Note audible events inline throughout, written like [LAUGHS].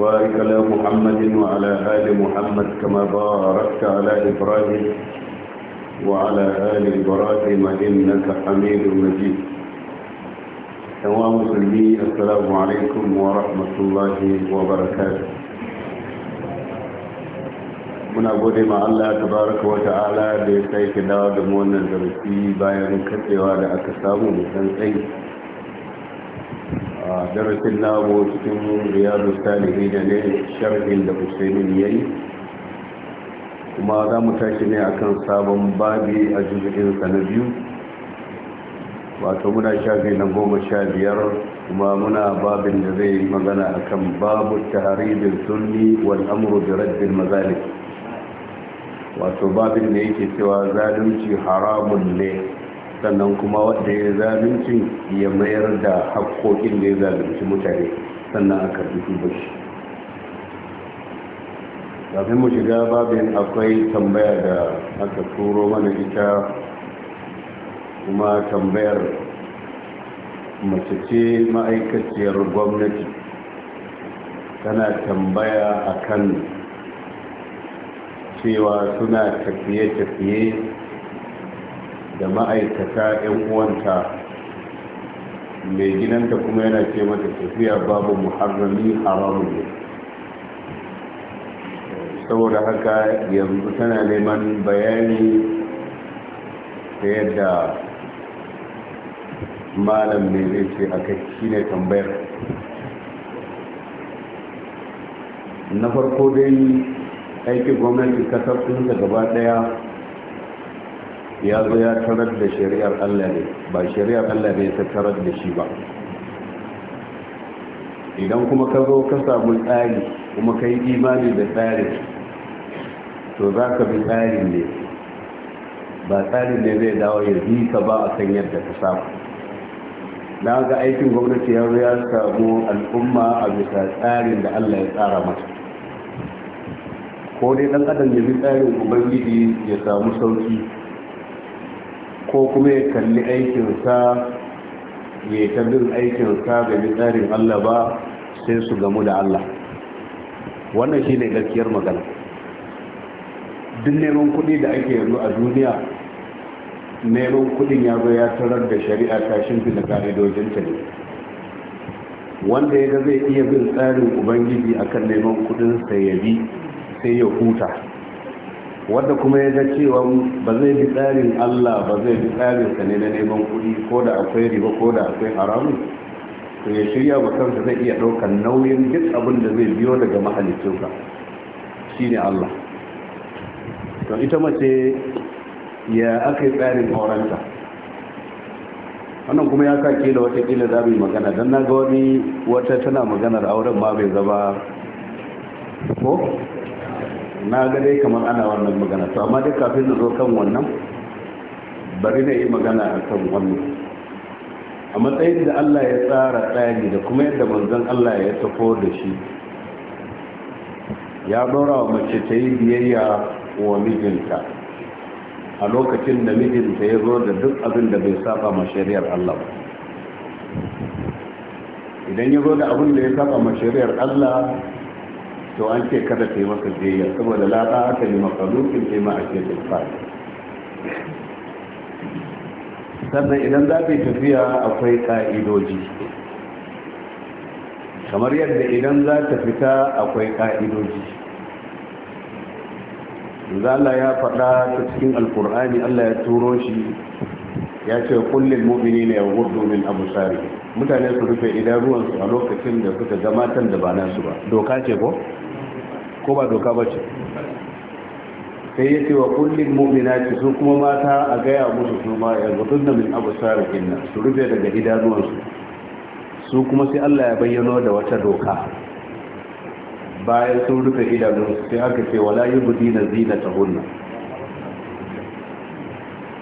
وبارك على محمد وعلى آل محمد كما باركت على إبراهيم وعلى آل إبراهيم إنك حميد مجيد تمام مسلمي السلام عليكم ورحمة الله وبركاته muna gode ma Allah tabaraka wa ta'ala da ya sake dawo da mu wannan darasi bayan katsewa da aka samu musan tsayi darasin namu cikin riyadu salihi da ne sharhin da husainin ya yi kuma za mu tashi ne akan sabon babi a jirginsa na biyu wato muna shafi na goma sha biyar kuma muna babin da zai magana akan babu taharibin sunni wal amru da raddin mazalik wato babin da yake cewa zalunci haramun ne sannan kuma wanda ya zalunci ya mayar da haƙoƙin da ya zalunci mutane sannan a karbi tubashi kafin mu shiga babin akwai tambaya da aka turo mana ita kuma tambayar mace ce ma'aikaciyar gwamnati tana tambaya akan cewa suna tafiye-tafiye da ma'aikata 'yan uwanta mai gidanta kuma yana ce mata tafiya babu muharrami haramun ne saboda haka yanzu tana neman bayani ta yadda malam ne zai ce aka shine tambayar na farko dai aikin gwamnati kasar sun gaba daya ya zo ya tarar da shari'ar Allah ne ba shari'ar Allah ne ta tarar da shi ba idan kuma ka zo ka samu tsari kuma ka yi imani da tsari, to za ka bi tsarin ne ba tsarin ne zai dawo ya zi ka ba a kan yadda ka samu na ga aikin gwamnati ya zo ya samu al'umma a bisa tsarin da Allah ya tsara masa. ko dai ɗan adam ya bi tsarin ubangiji ya samu sauki ko kuma ya kalli aikinsa ya ta bin aikinsa ga tsarin Allah ba sai su gamu da Allah wannan shi ne gaskiyar magana duk neman kuɗi da ake yanzu a duniya neman kuɗin ya zo ya tarar da shari'a ta shimfi da ka'idojinta ne wanda ya ga zai iya bin tsarin ubangiji akan neman kuɗin ya bi sai ya huta wanda kuma ya ga cewa ba zai bi tsarin Allah ba zai bi tsarin sa ne na neman kuɗi ko da akwai riba ko da akwai haramun to ya shirya wa kansa zai iya ɗaukar nauyin duk abin da zai biyo daga mahalicinsa shine Allah to ita mace ya aka yi tsarin aurenta wannan kuma ya kake da watakila za mu yi magana don na ga wani wata tana maganar auren ma bai zama ko na ga dai kamar ana wannan magana to amma dai kafin na zo kan wannan bari na yi magana a kan wannan a matsayin da Allah ya tsara tsari da kuma yadda manzon Allah ya tafo da shi ya dora wa mace ta yi biyayya wa mijinta a lokacin da mijinta ya zo da duk abin da bai saba ma shari'ar Allah idan ya zo da abin da ya saba ma shari'ar Allah to an ce kada ka yi masa biyayya saboda laba aka yi makalukin ce ma a ce tilfari sannan idan za ta yi tafiya akwai ka'idoji kamar yadda idan za ta fita akwai ka'idoji zala ya faɗa ta cikin alkur'ani allah ya turo shi ya ce kullum mumini ne ya wurdo min abu mutane su rufe su a lokacin da suka gamatar da ba nasu ba doka ce ko? ko ba doka ba ce sai ya ce wa kullum ce su kuma mata a gaya musu su ma ya gudun da min abu sarakin nan su rufe daga idanuwansu su kuma sai Allah ya bayyano da wata doka bayan sun rufe idanunsu sai aka ce wala yi budi na zina ta hunna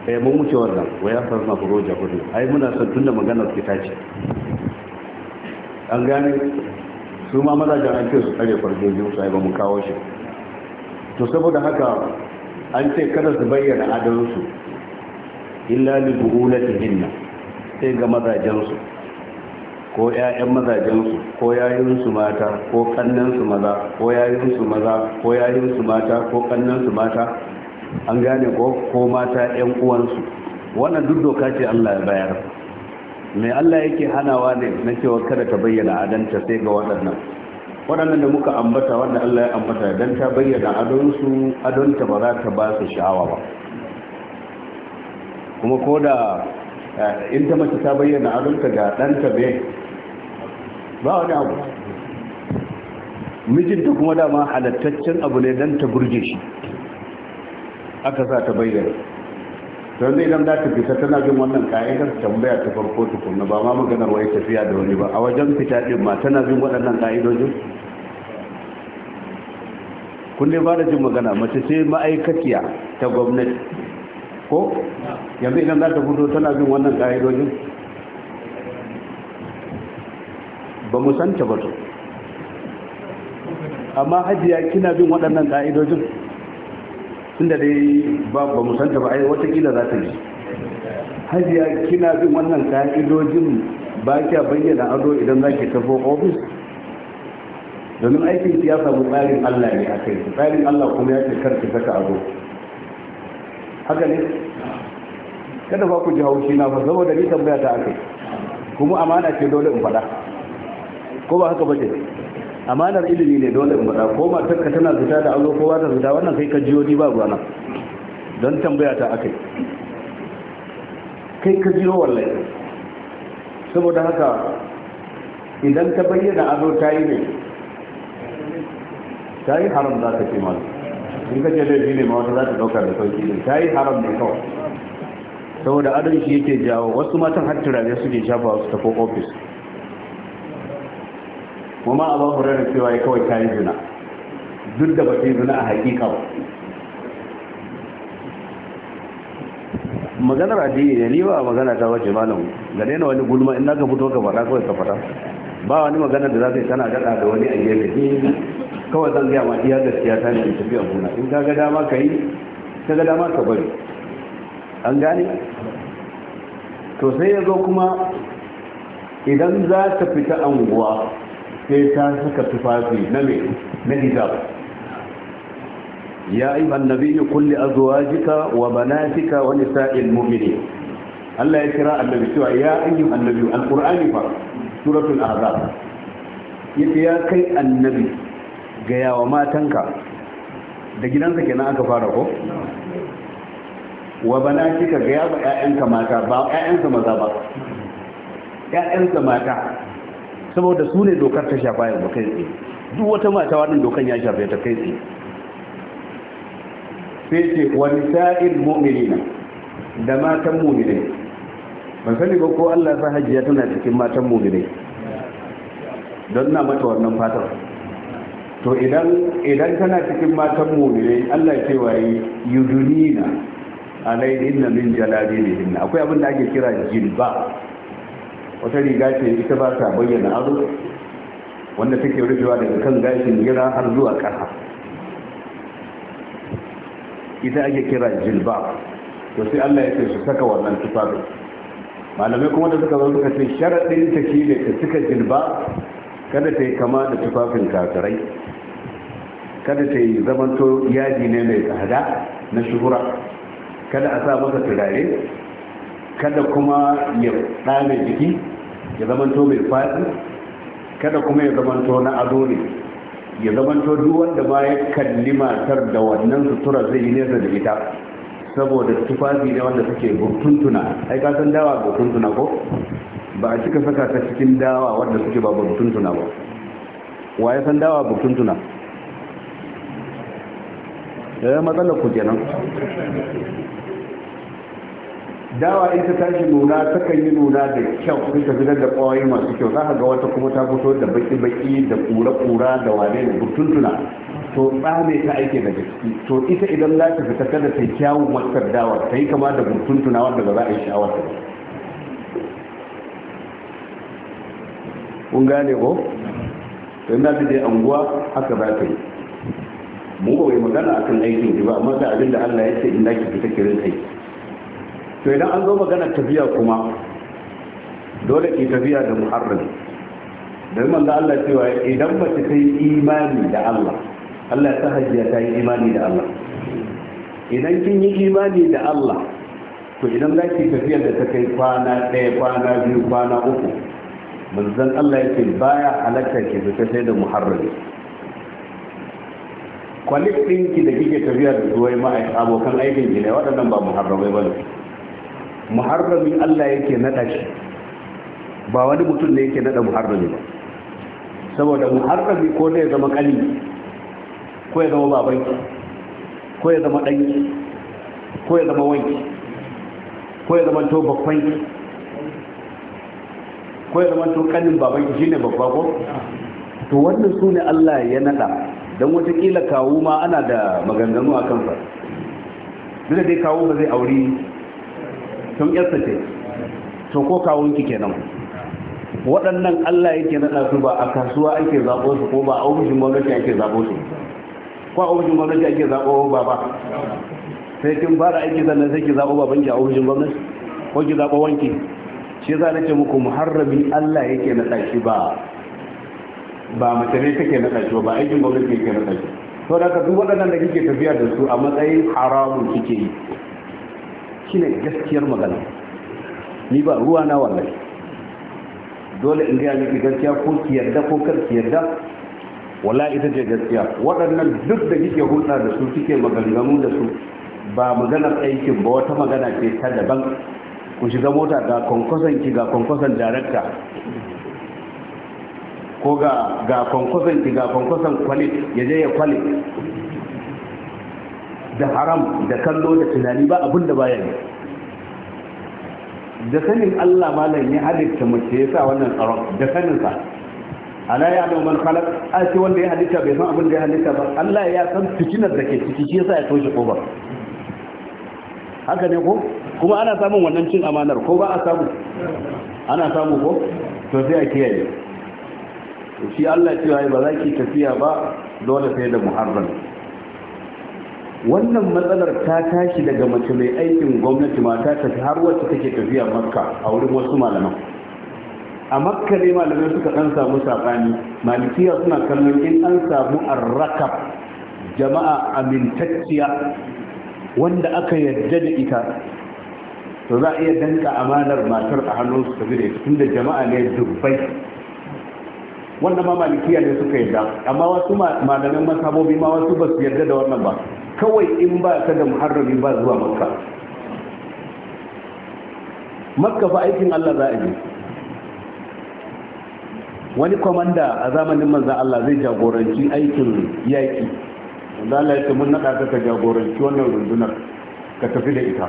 ɗaya eh, mun wuce wannan wa ya farma furoja hudu ai muna son tun da maganar fita ce an gane su ma mazajen an ce su tsare farjojin su ai ba mu kawo shi to saboda haka an ce kada su bayyana adalinsu illa li hinna sai ga mazajensu ko ƴaƴan mazajensu ko yayinsu mata ko su maza ko yayinsu maza ko yayinsu mata ko su mata an gane ko ko mata ƴan uwansu wannan duk doka ce Allah ya bayar mai Allah yake hanawa ne na cewa kada ta bayyana adanta sai ga waɗannan waɗannan da muka ambata wanda Allah ya ambata don ta bayyana adonsu adonta ba za ta ba su sha'awa ba kuma ko da eh, in ta mace ta bayyana adonta ga ɗanta bai ba wani abu mijinta kuma dama halattaccen abu ne don ta burge shi aka sa ta bayyana yanzu idan za ta fita tana jin wannan ka'idar tambaya ta farko tukunna ba ma maganar wai tafiya da wani ba a wajen fita din ma tana jin waɗannan ka'idojin kun dai fara jin magana mace sai ma'aikaciya ta gwamnati ko yanzu idan za ta fito tana jin wannan ka'idojin ba mu santa ba to amma hajiya kina bin waɗannan ka'idojin tunda dai ba ba mu santa ba ai watakila za ta ji hajiya kina bin wannan ka'idojin ba kya bayyana ado idan za ki tafi ofis domin aikin ya samu tsarin allah ne a kai tsarin allah kuma ya ce ki saka ado haka ne kada ba ku ji haushi na ba saboda ni tambaya ta akai kuma amana ce dole in faɗa ko ba haka ba ce amanar ilimi ne dole in bada ko matarka tana fita da azo ko ta fita wannan kai ka jiyo ni ba gwana don tambaya ta akai kai ka jiyo wallahi saboda haka idan ta bayyana azo ta yi ne ta yi haram za ta ce malu in ka ce laifi ne ma wata za ta ɗaukar da sauki ne ta yi haram ne kawai saboda adon shi yake jawo wasu matan har turare suke shafa su tafi ofis kuma abu hurairar cewa ya kawai tayi zina duk da bata yi zina a hakika ba maganar addini ne ni ba magana ta wace malam ga daina wani gulma in ka fito ka fara kawai ka fara ba wani magana da za ka yi tana daɗa da wani a gefe kawai zan gaya ma iya gaskiya ta ne tafi a gona in ka ga dama ka yi ka ga dama ka bari an gane to sai ya zo kuma idan za ta fita anguwa sai ta saka tufafi na mai na hijab ya ayyuha annabiyyu kulli azwajika wa banatika wa nisa'il mu'minin Allah ya kira annabi cewa ya ayyuha annabiyyu alqur'ani fa suratul ahzab yace ya kai annabi ga yawa matanka da gidansa kenan aka fara ko wa banatika ga yawa ƴaƴanka mata ba ƴaƴansa maza ba ƴaƴansa mata saboda su ne dokar ta shafa yanzu kai tsaye duk wata mata wannan dokan ya shafa ta kai tsaye sai ce wa sa'in mu'minina da matan mu'minai ban sani ba ko Allah sa hajjiya tana cikin matan mu'minai don na mata wannan fatar to idan idan tana cikin matan mu'minai Allah ya ce wa yudunina alaihinna min jalabilihinna akwai abin da ake kira jilba wata riga ce ita ba ta bayyana aro wanda take rufewa daga kan gashin gira har zuwa ƙasa ita ake kira jilba to sai Allah ya ce su saka wannan tufafi malamai kuma da suka zo suka ce sharaɗin ta shi ne ta cika jilba kada ta yi kama da tufafin kafirai kada ta yi zamanto yaji ne mai tsada na shuhura kada a sa masa turare kada kuma ya ɗame jiki ya zamanto mai faɗi kada kuma ya zamanto na ado ne ya zamanto duk wanda ba ya kalli matar da wannan sutura zai yi nesa da ita saboda tufafi ne wanda suke burtuntuna ai ka san dawa burtuntuna ko ba a cika saka ta cikin dawa wanda suke ba burtuntuna ba wa ya san dawa burtuntuna ya eh, matsalar ku kenan dawa in ta tashi nuna ta kan yi nuna da kyau sun ta fitar da kwayoyi masu kyau za ka ga wata kuma ta fito da baki-baki da kura-kura da wane da burtuntuna to tsame ta aike da ciki to ita idan za ta fita kada ta kyawun waskar dawa ta yi kama da burtuntuna wanda ba za a yi sha'awar ta kun gane ko to ina ta je anguwa haka za ta yi mu ba wai magana akan aikin ba amma da abin da Allah ya ce in ke ki fita kirin aiki to idan an zo magana tafiya kuma dole ke tafiya da muharram domin da Allah cewa idan mace ta yi imani da Allah Allah ta hajjiya ta yi imani da Allah idan kin yi imani da Allah to idan za ki tafiyar da ta kai kwana ɗaya kwana biyu kwana uku manzon Allah yake baya halatta ki fita sai da muharrami kwalif ɗinki da kike tafiya da zuwai ma'aikata abokan aikin ki ne waɗannan ba muharramai ba ne muharrami Allah yake nada shi ba wani mutum ne yake nada muharrami ba saboda muharrami ko ne ya zama kali ko ya zama babanki ko ya zama danki ko ya zama wanki ko ya zama to babbanki ko ya zama to kanin babanki shine babba ko to wannan su ne Allah ya nada don watakila kawo ma ana da maganganu a kansa duk da dai kawo ba zai auri Tun yarsa ce to ko kawunki kenan waɗannan Allah yake naɗa su ba a kasuwa ake zaɓo su ko ba a ofishin gwamnati ake zaɓo su ko a ofishin gwamnati ake zaɓo ba ba sai kin fara aiki sannan sai ki zaɓo baban ki a ofishin gwamnati ko ki zaɓo wanki shi yasa nace muku muharrabi Allah yake naɗa shi ba ba mace ne take naɗa shi ba aikin gwamnati yake naɗa shi to da ka duk waɗannan da kike tafiya da su a matsayin haramun kike yi shine gaskiyar magana ni ba ruwa na wallahi dole in gaya miki gaskiya ko ki yarda ko kar ki yarda wala ita ce gaskiya waɗannan duk da kike hulɗa da su kike maganganu da su ba maganar aikin ba wata magana ce ta daban ku shiga mota ga kwankwason ki ga kwankwason darakta ko ga kwankwason ki ga kwankwason kwalit ya je ya kwalit da haram da kallo da tunani ba abin da baya ne da sanin Allah malam ya halitta mace ya sa wannan tsaron da sanin sa ala ya da man khalaq a ce wanda ya halitta bai san abin da ya halitta ba Allah ya san cikinar da ke ciki shi yasa ya toshe ba haka ne ko kuma ana samun wannan cin amanar ko ba a samu ana samu ko to sai a kiyaye shi Allah cewa ba za ki tafiya ba dole sai da muharram wannan matsalar ta tashi daga mace mai aikin gwamnati mata fi har wacce take tafiya makka a wurin wasu malaman a makka ne malamai suka ɗan samu saɓani malikiya suna kallon in an samu al-Rakab jama'a amintacciya wanda aka yarda da ita to za a iya danka amanar matar a hannunsu tafi da ita da jama'a ne dubbai wannan ma malikiya ne suka yarda amma wasu malaman masabobi ma wasu ba su yarda da wannan ba kawai in ba ta da muharrami ba zuwa makka makka fa aikin allah za a je wani kwamanda a zamanin manzan allah zai jagoranci aikin yaƙi za a ce mun naɗa ta jagoranci wannan rundunar ka tafi da ita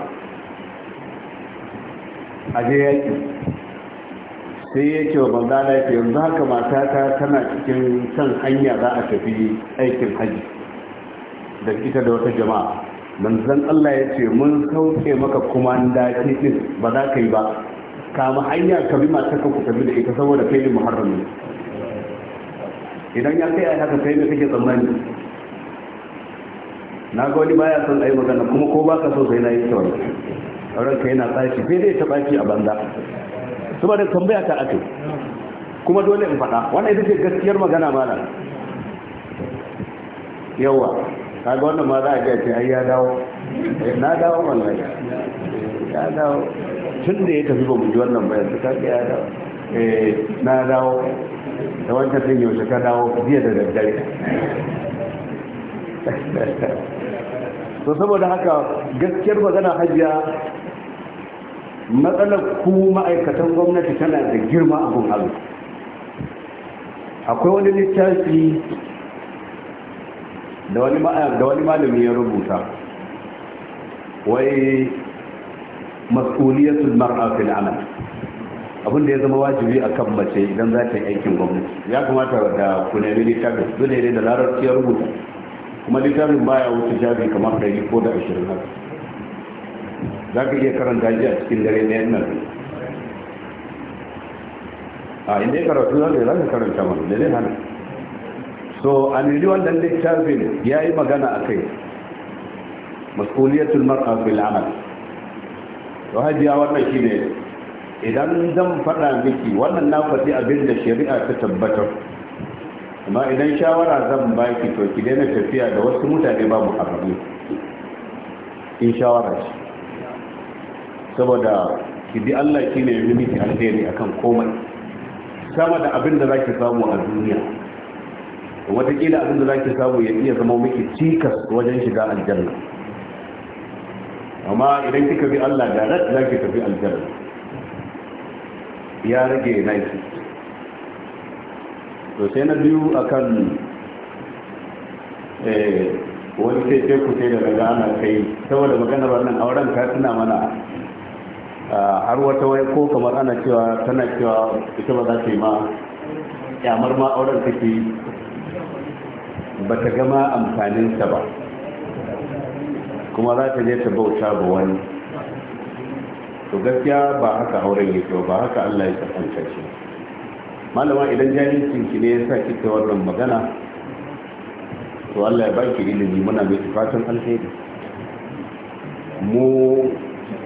a je yaƙi sai ya ce wa manzana ya yanzu haka matata tana cikin kan hanya za a tafi aikin hajji da ita da wata jama'a manzan Allah ya ce mun sauke maka kuma dace din ba za ka yi ba kama hanya ka bi ka ku tafi da ita saboda kai ne muharrami idan ya kai a haka sai ne kake tsammani na ga wani baya son ayi magana kuma ko ba ka so sai na yi tsawon ranka yana tsaki sai dai ta baki a banza saboda tambaya ta ake kuma dole in faɗa wannan ita ce gaskiyar magana mana yawa kaga wannan ma za a ga ce ai ya dawo eh, na dawo wallahi eh, ya dawo tun da ya tafi ba mu ji wannan bayan su kaga ya dawo eh na dawo da wancan din yaushe ka dawo jiya da daddare [LAUGHS] to saboda haka gaskiyar magana hajiya matsalar ku ma'aikatan gwamnati tana da girma abin abu akwai wani littafi da wani malami ya rubuta wai mas'uliyatul mar'a fil amal abin da ya zama wajibi a kan mace idan za ta yi aikin gwamnati ya kamata da ku nemi littafi dole ne da larar ya rubuta kuma littafin baya wuce jabi kamar ɗari ko da ashirin haka za ka iya karanta shi a cikin dare ɗaya nan a inda ya karatu za ka karanta mana da zai hana so a nili wannan littafin ya yi magana a kai masuliyatul mar'a fil amal to hajiya wannan ne idan zan faɗa miki wannan na faɗi abin da shari'a ta tabbatar amma idan shawara zan baki to ki daina tafiya da wasu mutane babu haramu in shawara ce saboda kidi bi Allah shi ne yi miki alheri kan komai sama da abin da ki samu a duniya wataƙila abin da ki samu ya iya zama miki cikas wajen shiga aljanna amma idan kika bi Allah da rat ki tafi aljanna ya rage naki to sai na biyu akan kan eh, wani sai ku sai da daga ana kai saboda maganar wannan auren ka tuna mana har wata wai ko kamar ana cewa tana cewa ita ba za ta yi ma kyamar ma auren take ba ta gama amfaninsa ba kuma za ta je ta bauta ba wani to gaskiya ba haka auren yake ba haka Allah ya kasance shi malama idan jahilcin ki ne ya sa kike wannan magana to Allah ya baki ilimi muna mai fatan alheri mu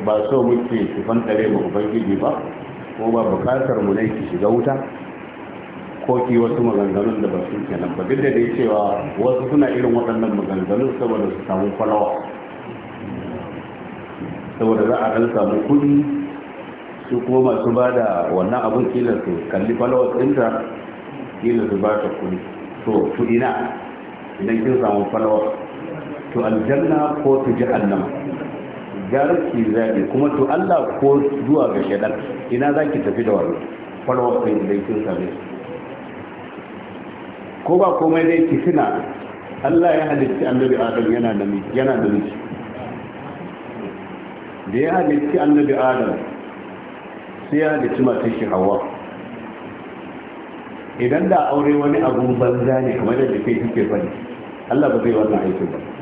ba so muke su fantare mu ubangiji ba ko ba bukatar mu ne ki shiga wuta ko ki wasu maganganun da ba su kenan ba duk da dai cewa wasu suna irin waɗannan maganganun saboda su samu falawa saboda za a ɗan samu kuɗi su kuma masu ba da wannan abin kila su kalli falawa ɗinta kila su ba ta kuɗi to kuɗi na idan kin samu falawa to aljanna ko su jahannama jarabci ki kuma to Allah ko zuwa ga shaɗar ina za ki tafi da wani farwa kai da kin same ko ba komai dai ki suna Allah ya halitta annabi Adam yana da yana da miji da ya halitta annabi Adam sai ya halitta mata shi hawa idan da aure wani abun banza ne kamar da kai kike fani Allah ba zai wannan aikin ba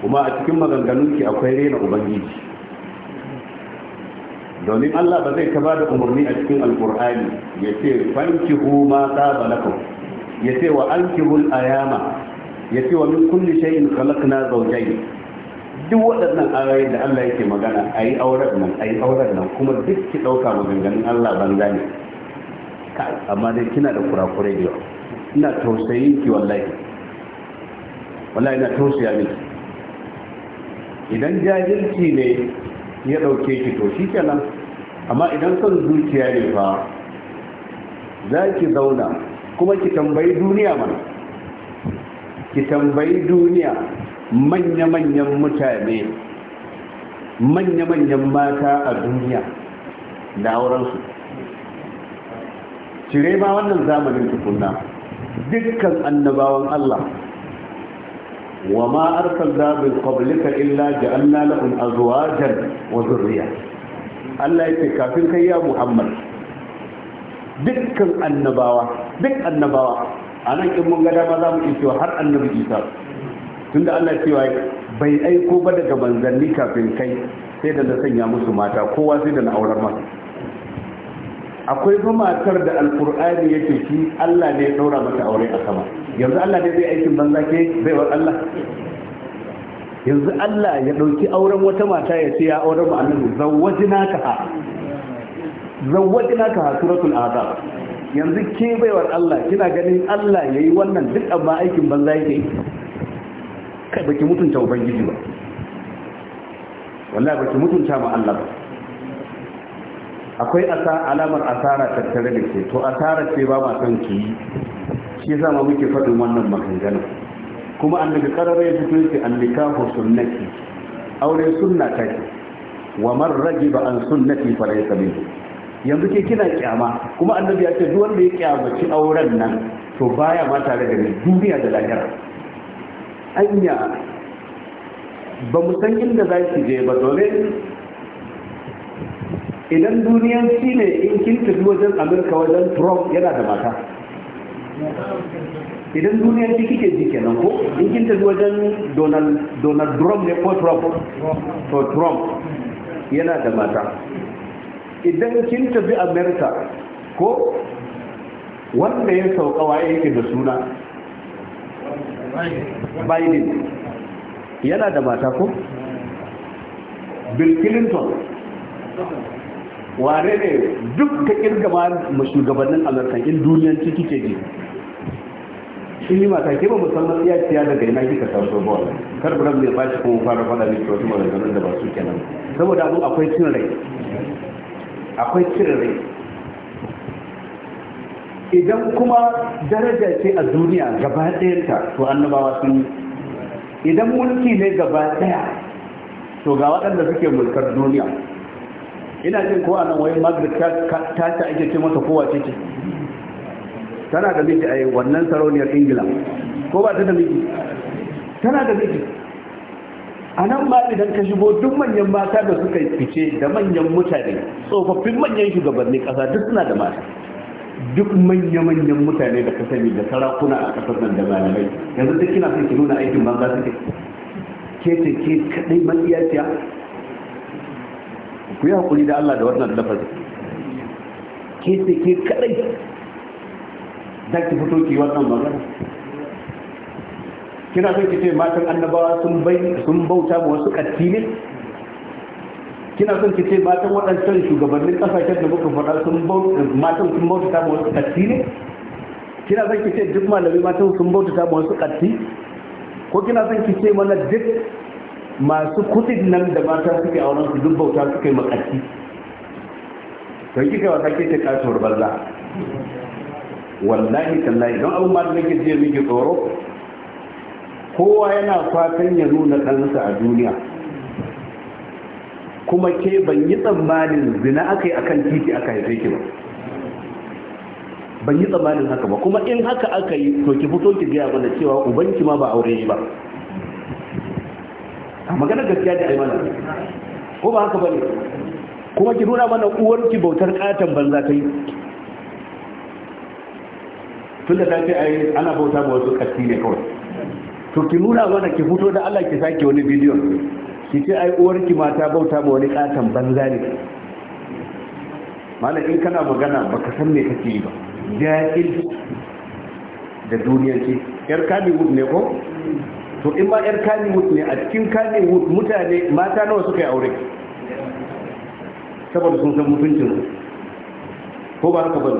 kuma a cikin maganganunki akwai rena ubangiji domin Allah ba zai ka bada da umarni a cikin alkur'ani ya ce fanki ma ta balakau ya ce wa alkihul ayama ya ce wa min kulli shay'in khalaqna zawjayn duk waɗannan ayoyin da Allah yake magana ayi auren nan ayi auren nan kuma duk ki dauka maganganun Allah banza ne amma dai kina da kurakurai da yawa ina tausayin ki wallahi wallahi ina tausaya miki idan jajirci ne ya ɗauke ki to shi kenan amma idan son zuciya ne fa za ki zauna kuma ki tambayi duniya mana ki tambayi duniya manya-manyan mutane manya-manyan mata a duniya da aurensu cire ma wannan zamanin tukunna dukkan annabawan Allah وما أرسلنا من قبلك إلا جعلنا لهم أزواجا وذرية الله ka يا محمد dukkan annabawa duk annabawa a nan in mun gada ma za mu har annabi isa tunda allah cewa bai aiko ba daga manzanni kafin kai sai da na sanya musu mata kowa sai da na aurar masa akwai fa matar da alkur'ani ya ce shi Allah ne ya daura mata aure a sama yanzu Allah ne zai aikin banza ke zai wa Allah yanzu Allah ya dauki auren wata mata ya ce ya auren mu annabi zawwajina ka ha zawwajina ka ha suratul azab yanzu ke wa Allah kina ganin Allah yayi wannan duk amma aikin banza yake kai baki mutunta ubangiji ba wallahi baki mutunta ma Allah ba akwai alamar asara tattare da ke to asara ce ba ma san ki yi shi sa ma muke faɗin wannan maganganun kuma an annabi karara ya fito yake ko sunnati aure sunna ta ke wa man ba an sunnati fara ya sami yanzu ke kina kyama kuma annabi ya ce duk wanda ya kyamaci auren nan to baya ma tare da ni duniya da lahira anya ba mu san inda za ki je ba dole idan shi ne in kin tafi wajen amurka wajen trump yana da mata idan shi kike ji kenan ko in kin tafi wajen donald trump ne ko trump ko trump yana da mata idan kin tafi amurka ko wanda ya sauka waye yake da suna biden yana da mata ko bill clinton wane ne duk ka kirgama ma shugabannin amurkan in duniyan ciki ke ji shi ne mata ke ba musamman iya ciya daga ina kika taso ba kar ku rabbi ba shi kuma fara fada ne ke wasu maganganun da ba su kenan saboda abun akwai cin rai akwai cin rai idan kuma daraja ce a duniya gaba ɗayanta to annabawa sun idan mulki ne gaba ɗaya to ga waɗanda suke mulkar duniya ina jin ko anan wayan margaret ta ta ake ce masa kowa ce ce tana da miji a yi wannan sarauniyar ingila ko ba ta da miji tana da miji a nan ma idan ka shigo duk manyan mata da suka fice da manyan mutane tsofaffin manyan shugabanni kasa duk suna da mata duk manya-manyan mutane da ka sani da sarakuna a kasar nan da malamai yanzu duk kina son ki nuna aikin banza suke ke ce ke kadai matsiyaciya ku yi haƙuri da Allah da wannan lafazin ke sai ke kadai za ki fito ki wannan magana kina son ki ce matan annabawa sun bai sun bauta ma wasu katti ne kina son ki ce matan waɗancan shugabannin ƙasashen da muka faɗa sun bauta matan sun bauta ma wasu katti ne kina son ki ce duk malami matan sun bauta ma wasu katti ko kina son ki ce mana duk masu kudin nan da mata suke auren su duk bauta suke makarci don kika wata ke ta kasuwar banza wallahi tallahi don abin ma da nake je muke tsoro kowa yana fatan ya nuna ɗansa a duniya kuma ke ban yi tsammanin zina aka yi akan titi aka haife ki ba ban yi tsammanin haka ba kuma in haka aka yi to ki fito ki gaya mana cewa ubanki ma ba aure ba magana gaskiya da aimana ko ba haka bane kuma ki nuna mana uwarki bautar katon banza ta yi tun da ta ce ai ana bauta ba wasu kasti ne kawai to ki nuna mana ki fito da Allah ki sake wani bidiyon ki ce ai uwarki mata bauta ba wani katon banza ne Mana in kana magana baka san me kake yi ba jahil da duniyar ce yar kadi ne ko to in ma yar kaniwood ne a cikin kaniwood mutane mata nawa suka yi aure saboda sun san mutuncin ko ba haka ba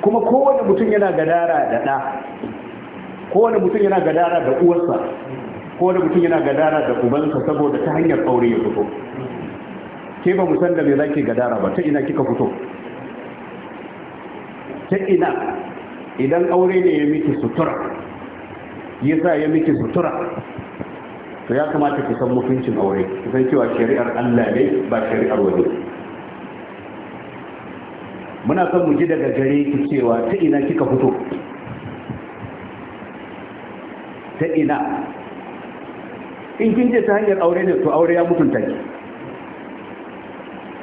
kuma kowane mutum yana gadara da ɗa kowane mutum yana gadara da uwarsa kowane mutum yana gadara da ubansa saboda ta hanyar aure ya fito ke ba mu san da me zaki gadara ba ta ina kika fito ta ina idan aure ne ya miki sutura yasa ya miki sutura to ya kamata ki san mutuncin aure ki san cewa shari'ar Allah ne ba shari'ar wani muna son mu ji daga gare ki cewa ta ina kika fito ta ina in kin je ta hanyar aure ne to aure ya mutunta ki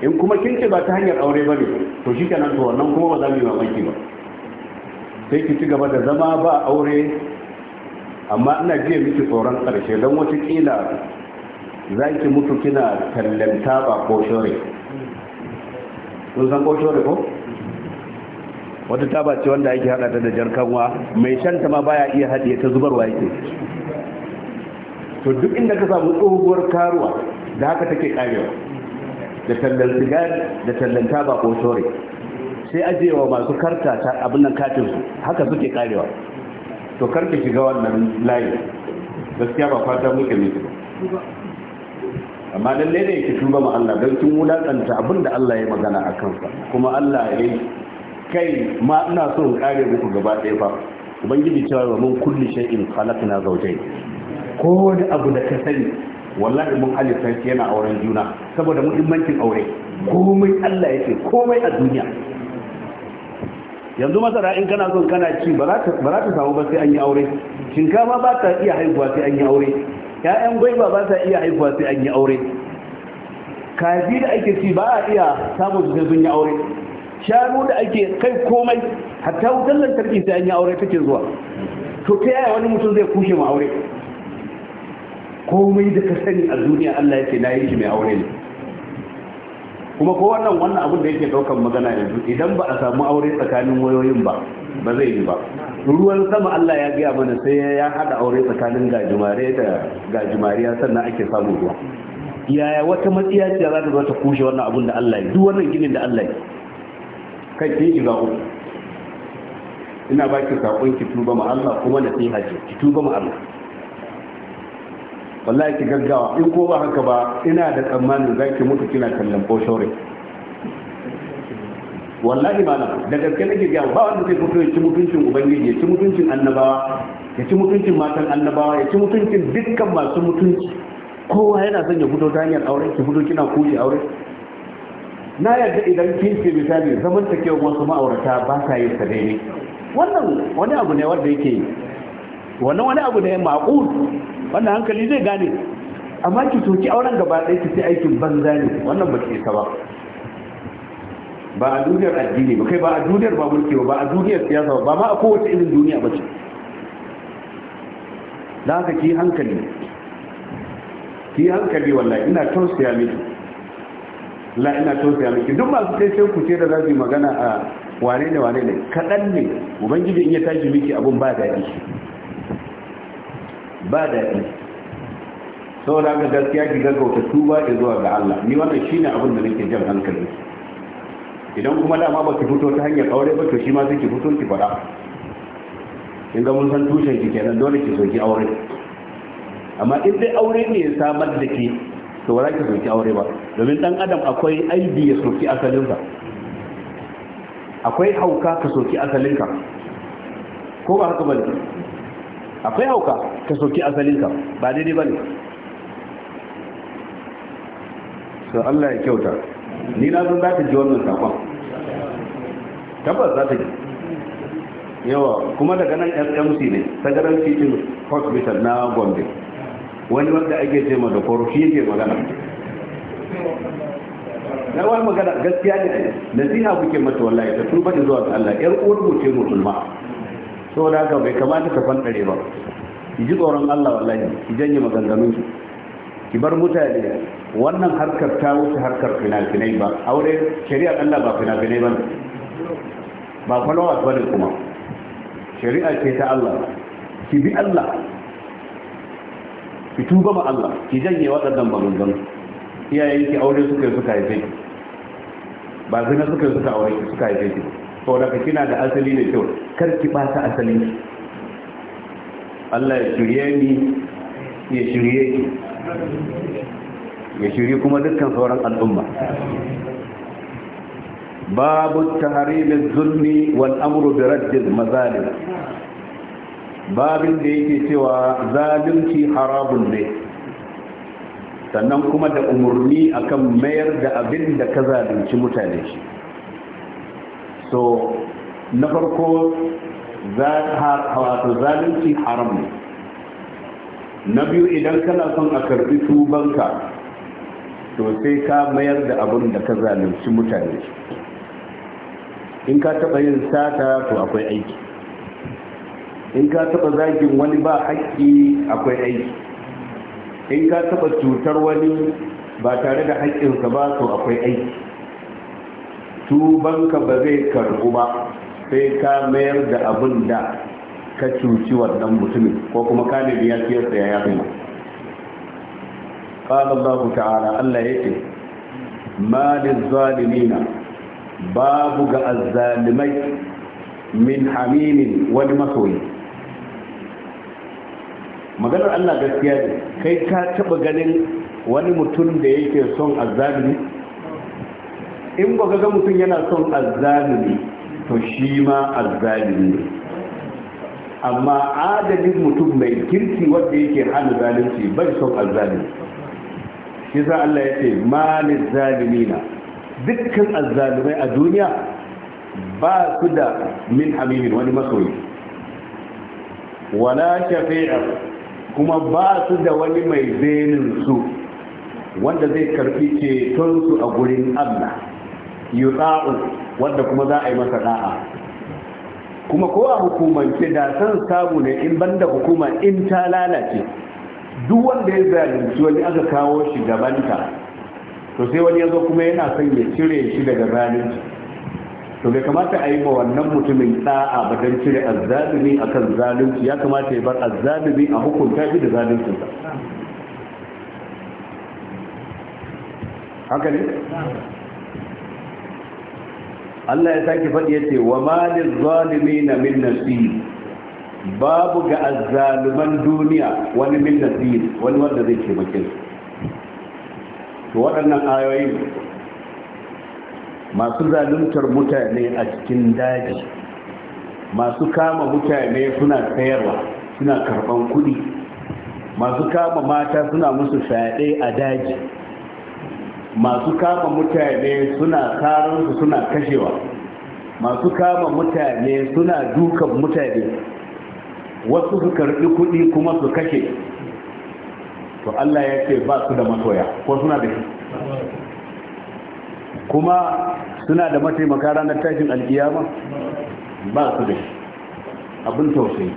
in kuma kin ce ba ta hanyar aure ba ne to shi kenan to wannan kuma ba za mu yi mamaki ba sai ki ci gaba da zama ba aure amma ina jiya miki tsoron karshe don watakila za ki mutu kina tallan taba ko shore sun san ko shore ko wata taba ce wanda ake hada ta da jarkanwa mai shanta ma baya iya haɗiye ta zubarwa yake to duk inda ka samu tsohuwar karuwa da haka take karewa da tallan sigari da tallan taba ko shore sai ajiyewa masu karta ta abin nan katin su haka suke karewa to karka shiga wannan layi gaskiya ba fata muke miki ba amma dan ne ki tuba ma Allah dan kin wulakanta abin da Allah ya magana a kansa kuma Allah ya kai ma ina so in kare muku gaba ɗaya ba ubangiji cewa wa mun kulli shay'in khalaqna zawjayn ko wani abu da ka sani wallahi mun halitta yana auren juna saboda muhimmancin aure komai Allah yake komai a duniya yanzu masara in kana son kana ci ba za ta samu ba sai an yi aure shinkafa ba ta iya haihuwa sai an yi aure ƴaƴan gwaiba ba ta iya haihuwa sai an yi aure kaji da ake ci ba a iya samun su sai sun yi aure shanu da ake kai komai hatta wutar lantarki sai an yi aure take zuwa to ta yaya wani mutum zai kushe mu aure komai da ka sani a duniya Allah yake na yi shi mai aure ne kuma ko wannan wannan abin da yake daukan magana yanzu idan ba a samu aure tsakanin wayoyin ba ba zai yi ba ruwan sama Allah ya gaya mana sai ya hada aure tsakanin gajimare da gajimariya sannan ake samu ruwa yaya wata matsiya ce za ta zo ta kushe wannan abin da Allah ya duk wannan ginin da Allah ya kai ki ga uku ina baki sakon ki tuba ma Allah kuma na ce ki tuba ma Allah wallahi ki gaggawa in ko ba haka ba ina da tsammanin za ki mutu kina kallon boshore wallahi malam da gaske nake ga ba wanda zai fito ya ci mutuncin ubangiji ya ci mutuncin annabawa ya ci mutuncin matan annabawa ya ci mutuncin dukkan masu mutunci kowa yana son ya fito ta hanyar aure ki fito kina kuje aure na yadda idan kin ce misali zaman ta kewa wasu ma'aurata ba sa yin sa daidai wannan wani abu ne wanda yake wannan wani abu ya ma'qul wannan hankali zai gane amma ki soki auren gaba ɗaya ki sai aikin banza ne wannan ba ke ba ba a duniyar addini ba kai ba a duniyar ba mulki ba a duniyar siyasa ba ma a kowace irin duniya ba ce da haka ki hankali ki hankali wallahi ina tausaya miki la ina tausaya miki duk masu kai sai ku ce da za su magana a wane ne wane ne kaɗan ne ubangiji in ya tashi miki abun ba daɗi ba daɗi saboda ga gaskiya ki gaggauta tuba da zuwa ga Allah ni wannan shine abin da nake jan hankali idan kuma dama ba ki fito ta hanyar aure ba to shi ma sai ki fito ki faɗa in ga mun san tushen ki kenan dole ki soki aure amma in dai aure ne ya samar da ke to ba za ki soki aure ba domin dan adam akwai aibi ya soki asalinka, akwai hauka ka soki asalinka ko ba haka ba ne akwai hauka ka soki asalinka ba daidai ba ne sun allah ya kyauta ni na zan za ta ji wannan sakon tabbas za ta ji yawa kuma daga nan smc ne sagarar titin hospital na gombe wani wanda ake ce ma da korofi yake magana na wani magana gaskiya ne nasiha kuke mata wallahi ta tuba da zuwa ga Allah yar uwar mu ce musulma da haka bai kamata ka fanɗare ba ki ji tsoron Allah wallahi ki janye maganganun ki ki bar mutane wannan harkar ta wuce harkar fina-finai ba aure shari'ar Allah ba fina-finai ba ba followers ba ne kuma shari'ar ce ta Allah ki bi Allah ki tuba ma Allah ki janye waɗannan maganganu iyayenki aure suka yi suka haife ba zina suka yi suka aure suka haife ki ba saboda kina da asali da kyau kar ki ba ta asali Allah ya shirye ni ya shirye ki ya shirye kuma dukkan sauran al'umma babu tahrimin zulmi wal amru bi raddil mazalim babin da yake cewa zalunci harabun ne sannan kuma da umarni akan mayar da abin da ka zalunci mutane shi to na farko wato zalunci haram ne na biyu idan kana son a karbi tubanka to sai ka mayar da abin da ka zalunci mutane in ka taɓa yin sata to akwai aiki in ka taɓa zagin wani ba haƙƙi akwai aiki in ka taɓa cutar wani ba tare da haƙƙinsa ba to akwai aiki tubanka ba zai karɓu ba sai ka mayar da abin da ka cuci wannan mutumin ko kuma ka ne biya ya yi ma qala Allah ta'ala Allah yake ma lizzalimina babu ga azzalimai min hamimin wani masoyi maganar Allah gaskiya ne kai ka taɓa ganin wani mutum da yake son azzalimi in ba ga mutum yana son azzalumi to shi ma azzalumi ne amma adalin mutum mai kirki wanda yake hana zalunci bai son azzalumi shi za Allah ya ce malin na dukkan azzalumai a duniya ba su da min hamimin wani masoyi wala shafi'a kuma ba su da wani mai zenin su wanda zai karfi ceton su a gurin Allah yuta'u wanda kuma za a yi masa da'a kuma ko a hukumance da san samu ne in banda hukuma in ta lalace duk wanda ya zalunci wani aka kawo shi gabanta to sai wani ya kuma yana son ya cire shi daga zalunci to bai kamata a yi ma wannan mutumin da'a ba don cire azzalumi akan zalunci ya kamata ya bar azzalumi a hukunta shi da zaluncinsa haka ne Allah ya sake faɗi yace wa ma na min nasib babu ga azzaluman duniya wani min nasib wani wanda zai ce makin to waɗannan ayoyi masu zaluntar mutane a cikin daji masu kama mutane suna sayarwa suna karɓan kuɗi masu kama mata suna musu fyaɗe a daji masu kama mutane suna karansu suna kashewa masu kama mutane suna dukan mutane wasu su karɓi kuɗi kuma su kashe to Allah ya ce ba su da masoya ko suna da shi kuma suna da mataimaka ranar tashin alkiyama ba su da shi abin tausayi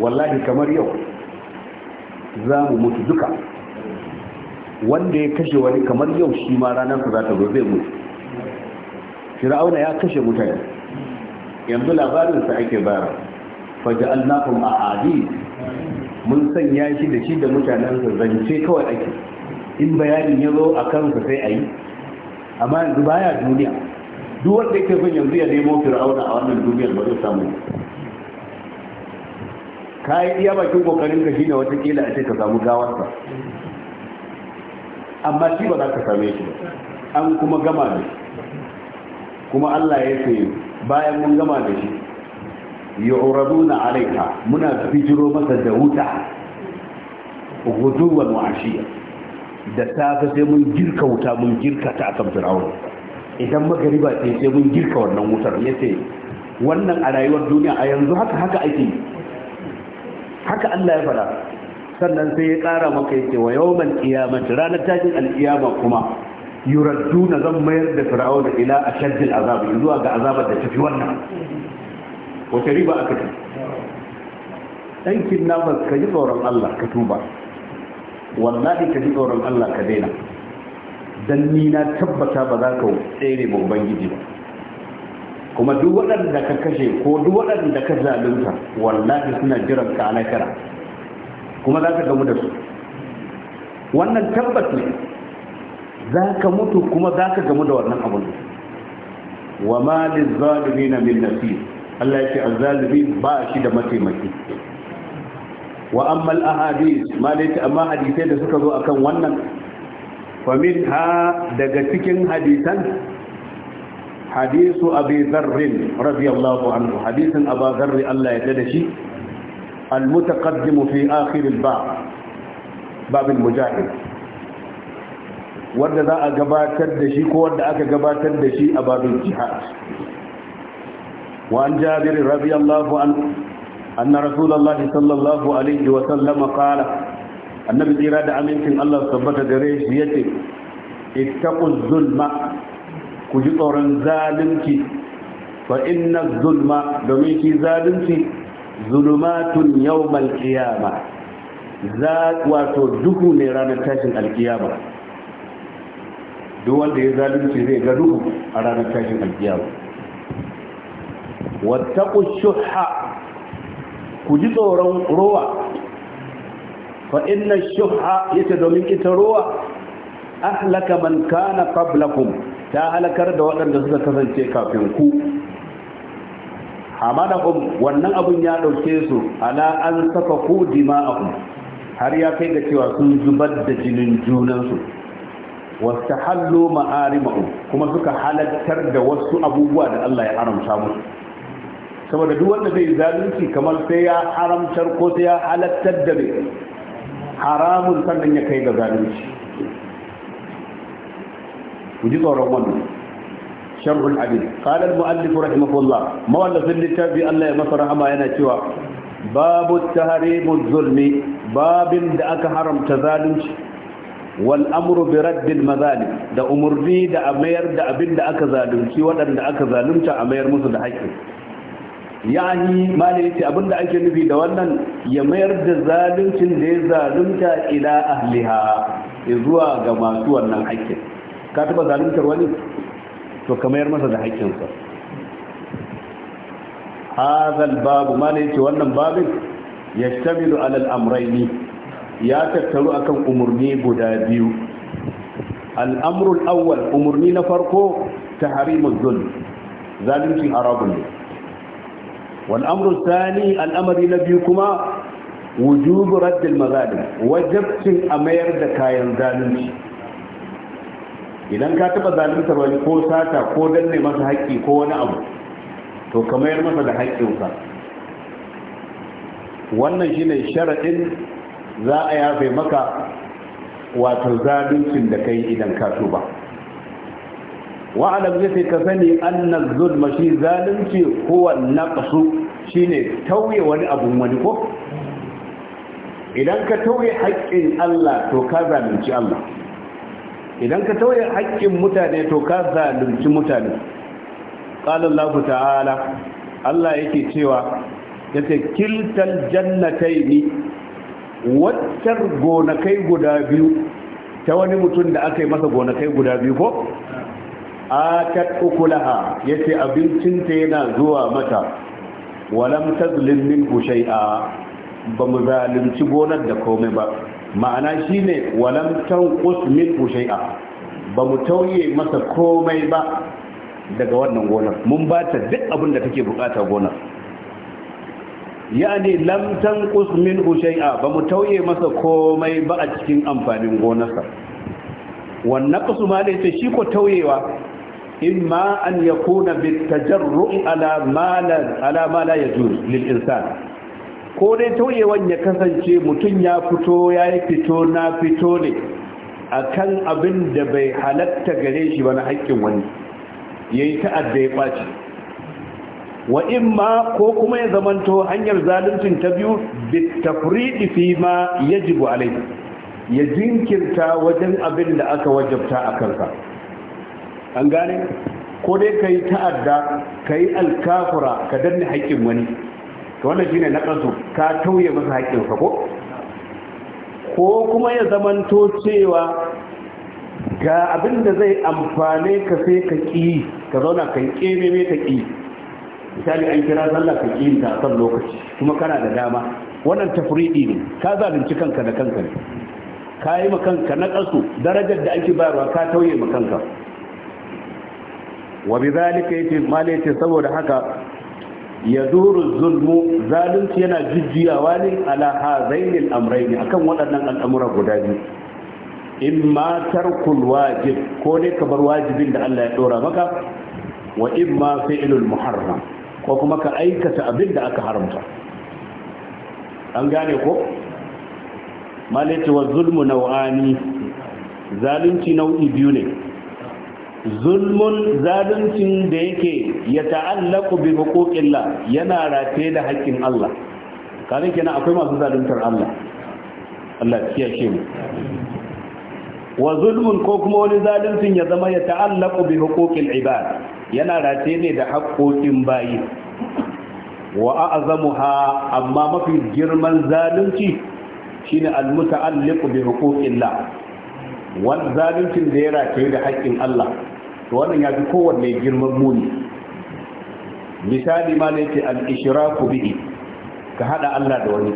wallahi kamar yau za mu mutu duka wanda ya kashe wani kamar yau shi ma ranar su za ta zo zai mutu fir'auna ya kashe mutane yanzu labarinsa ake bara a adi mun sanya shi da shi da mutanen sa zance kawai ake in bayanin ya zo a kansa sai a yi amma yanzu baya duniya duk wanda yake son yanzu ya nemo fir'auna a wannan duniyar ba zai samu ka yi iya bakin kokarin ka shine watakila a ce ka samu gawarsa amma shi ba za ka same shi an kuma gama da shi kuma Allah ya ce bayan mun gama da shi yu'raduna alaika. muna bijiro masa da wuta guduwan wa ashiya da safe sai mun girka wuta mun girka ta akan fir'auna idan magari ba sai sai mun girka wannan wutar ce. wannan a rayuwar duniya a yanzu haka haka ake haka Allah ya faɗa sannan sai ya ƙara maka yake wa yawmal qiyamati ranar tashin al'iyama kuma yuraduna zan mayar da fir'auna ila ashaddil azab zuwa ga azabar da tafi wannan wata riba aka ci aikin nafas ka ji tsoron Allah ka tuba wallahi ka ji tsoron Allah ka daina dan ni na tabbata ba za ka tsere ba ubangiji ba kuma duk waɗanda ka kashe ko duk waɗanda ka zalunta wallahi suna jiran ka a kuma za ka gamu da su wannan tabbas ne za ka mutu kuma za ka gamu da wannan abun wa ma lizzalimi na min nasir Allah yake azzalimi ba shi da mataimaki wa amma al-ahadith ma laita amma hadisai da suka zo akan wannan fa min ha daga cikin hadisan hadisu abi dharr radiyallahu anhu hadisin abi dharr Allah ya tada shi المتقدم في آخر الباب باب المجاهد wanda za a gabatar da shi ko aka gabatar da shi a babin jihad wa an jabir radiyallahu an anna rasulullahi sallallahu alaihi wa sallam qala annabi jira da amincin Allah tabbata gare shi yace ittaqul zulma ku ji tsoron zalunci fa inna zulma domin ki zalunci zulumatun yawmal qiyama za wato duhu ne ranar tashin alkiyama duk wanda ya zalunci zai ga duhu a ranar tashin alkiyama wattaqu shuhha ku ji tsoron ruwa fa inna shuhha yace domin ita ruwa ahlaka man kana qablakum ta halakar da waɗanda suka kasance kafin ku hamalahum wannan abun ya dauke su ala an saka ku dima'ahum har ya kai da cewa sun zubar da jinin junansu wasu wastahallu ma'arima'u kuma suka halattar da wasu abubuwa da Allah ya haramta musu saboda duk wanda zai zalunci kamar sai ya haramtar ko sai ya halattar da haramun sannan ya kai ga zalunci ku ji tsoron wannan شرح العبيد قال المؤلف رحمه Mawallafin مولف الكتاب ya نصر rahama yana cewa باب التحريم الظلم باب da aka haramta zalunci والامر برد المظالم da umurni da amayar da abin da aka zalunci wadanda aka zalunta amayar musu da haƙƙi yani malai yace abinda ake nufi da wannan ya mayar da zaluncin da ya zalunta ila ahliha zuwa ga masu wannan haƙƙi ka taba zaluntar wani to kamar masa da haƙƙinsa hazal babu ma ne ce wannan babin ya tamilu alal amraini ya tattaru akan umarni guda biyu al'amrul awwal umarni na farko ta harimun zul zalincin arabun ne wal'amrul sani al'amari na biyu kuma wujubu raddil mazalim wajabcin a mayar da kayan zalunci idan ka taba zalunta wani ko sata ko danne masa haƙƙi ko wani abu to ka mayar masa da haƙƙinsa wannan shine sharaɗin za a yafe maka wato zaluncin da kai idan ka tuba wa'alam ya ka sani annan zulma shi zalunci kowa naqsu shine tauye wani abun wani ko idan ka tauye haƙƙin Allah to ka zalunci Allah idan ka tauye haƙƙin mutane to ka zalunci mutane qala Allah ta'ala Allah yake cewa yace kiltal jannataini wattar gonakai guda biyu ta wani mutum da aka masa gonakai guda biyu ko A atat ya yace abincinta yana zuwa mata walam tazlim minhu shay'a ba mu zalunci gonar da komai ba ma'ana shi ne walam tanqus min shay'a ba mu tauye masa komai ba daga wannan gonar mun ba ta duk abin da take bukata gonar yani lam tanqus min shay'a ba mu tauye masa komai ba a cikin amfanin gonarsa wannan kasu ma ta yace shi ko tauyewa in ma an yakuna bitajarru ala ma la ala ma la yajuz lil insan ko dai tauyewan ya kasance mutum ya fito ya yi fito na fito ne a kan abin da bai halatta gare shi ba na haƙƙin wani ya yi ta'adda ya ɓaci wa ma ko kuma ya zamanto hanyar zaluncin ta biyu bitafriɗi fi ma ya yajibu alai ya jinkirta wajen abin da aka wajabta a kanka an gane ko dai ka yi ta'adda ka yi alkafura ka danne haƙƙin wani to wannan shine na kansu ka tauye masa haƙƙinsa ko ko kuma ya zamanto cewa ga abin da zai amfane ka sai ka ƙi ka zauna ka ƙememe ta ƙi misali an kira sallah ka ƙi ta kan lokaci kuma kana da dama wannan tafriɗi ne ka zalunci kanka da kanka ne ka yi ma kanka na ƙasu darajar da ake bayarwa ka tauye ma kanka wa bi zalika yace mala yace saboda haka ya duru zulmu zalunci yana jujjuyawa ne ala hazainil amraini akan waɗannan al'amura guda biyu in ma tarkul wajib ko ne ka bar wajibin da Allah ya dora maka wa in ma fi'lul muharram ko kuma ka aikata abin da aka haramta an gane ko malaita wa zulmu nau'ani zalunci nau'i biyu ne zulmun zaluncin da yake ya ta'allaku bi hukukillah yana rataye da haƙƙin Allah kare kenan akwai masu zaluntar Allah Allah ya kiyaye mu wa zulmun ko kuma wani zaluncin ya zama ya ta'allaku bi hukukil ibad yana rataye ne da haƙƙoƙin bayi wa a'zamuha amma mafi girman zalunci shine al mutaalliq bi hukukillah wani zaluncin da ya rataye da haƙƙin Allah to wannan ya fi kowanne girman muni misali ma ne ce al-ishraku bihi ka hada Allah da wani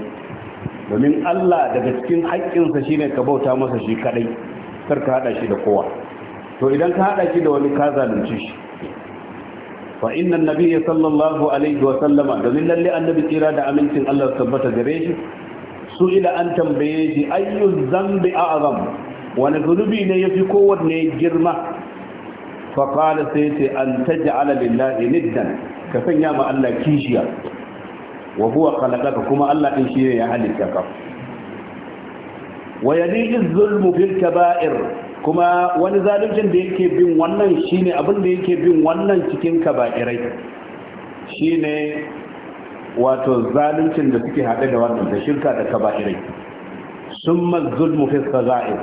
domin Allah daga cikin haƙƙinsa shine ka bauta masa shi kadai kar ka hada shi da kowa to idan ka hada shi da wani ka zalunci shi fa inna annabiyya sallallahu alaihi wa sallama domin lalle annabi tsira da amincin Allah tabbata gare shi su ila an tambaye shi ayyu zambi a'zam wani zunubi ne yafi kowanne girma fa qala sai ce an taj'ala lillahi niddan ka sanya ma Allah kishiya wa huwa khalaqaka kuma Allah din shi ne ya halitta ka wa yalihi zulmu bil kaba'ir kuma wani zaluncin da yake bin wannan shine abin da yake bin wannan cikin kaba'irai shine wato zaluncin da suke haɗe da wannan da shirka da kaba'irai summa zulmu fi sagha'ir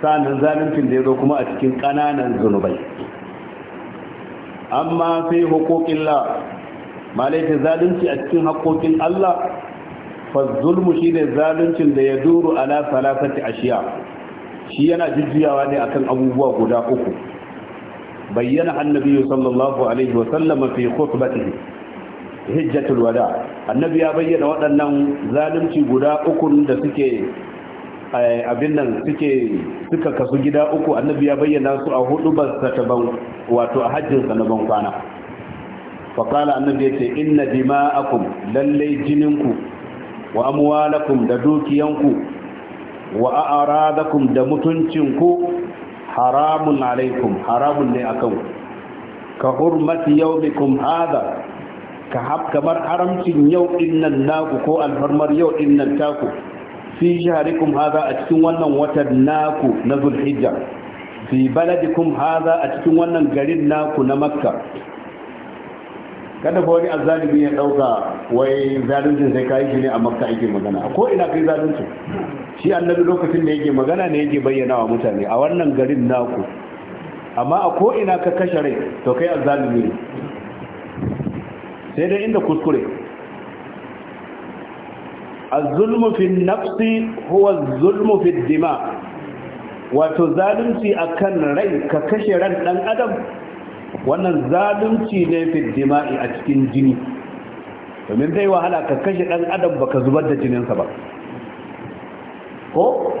sanan zaluncin da yazo kuma a cikin kananan zunubai amma sai fi la malaita zalunci a cikin hakokin Allah fa zulmu ne zaluncin da ya duru ala salasati ashiya shi yana jujjuyawa ne akan abubuwa guda uku bayyana annabi sallallahu alaihi wa sallama fi khutbatihi hijjatul wada annabi ya bayyana waɗannan zalunci guda uku da suke Eh, abin nan suke suka kasu gida uku annabi ya bayyana su a hudu ba ta ban wato a hajjin sa na ban kwana fa qala annabi yace inna dima'akum lalle jininku wa amwalakum da dukiyanku wa a'radakum da mutuncinku haramun alaikum haramun ne akan ka hurmati yawmikum hada ka hab kamar haramcin yau nan naku ko alfarmar yau nan taku fi shaharikum haza a cikin wannan watan naku na zulhijja fi baladikum haza a cikin wannan garin naku na makka kada ba wani azalimi ya dauka wai zalunci sai kai shi ne a makka yake magana ko ina kai zalunci shi annabi lokacin da yake magana ne yake bayyana wa mutane a wannan garin naku amma a ko ina ka kashe rai to kai azalimi ne sai dai inda kuskure az-zulmu fi nafsi huwa az-zulmu wato zalunci akan rai ka kashe ran ɗan adam wannan zalunci ne fi dima'i a cikin jini domin zai wahala ka kashe ɗan adam baka zubar da jininsa ba ko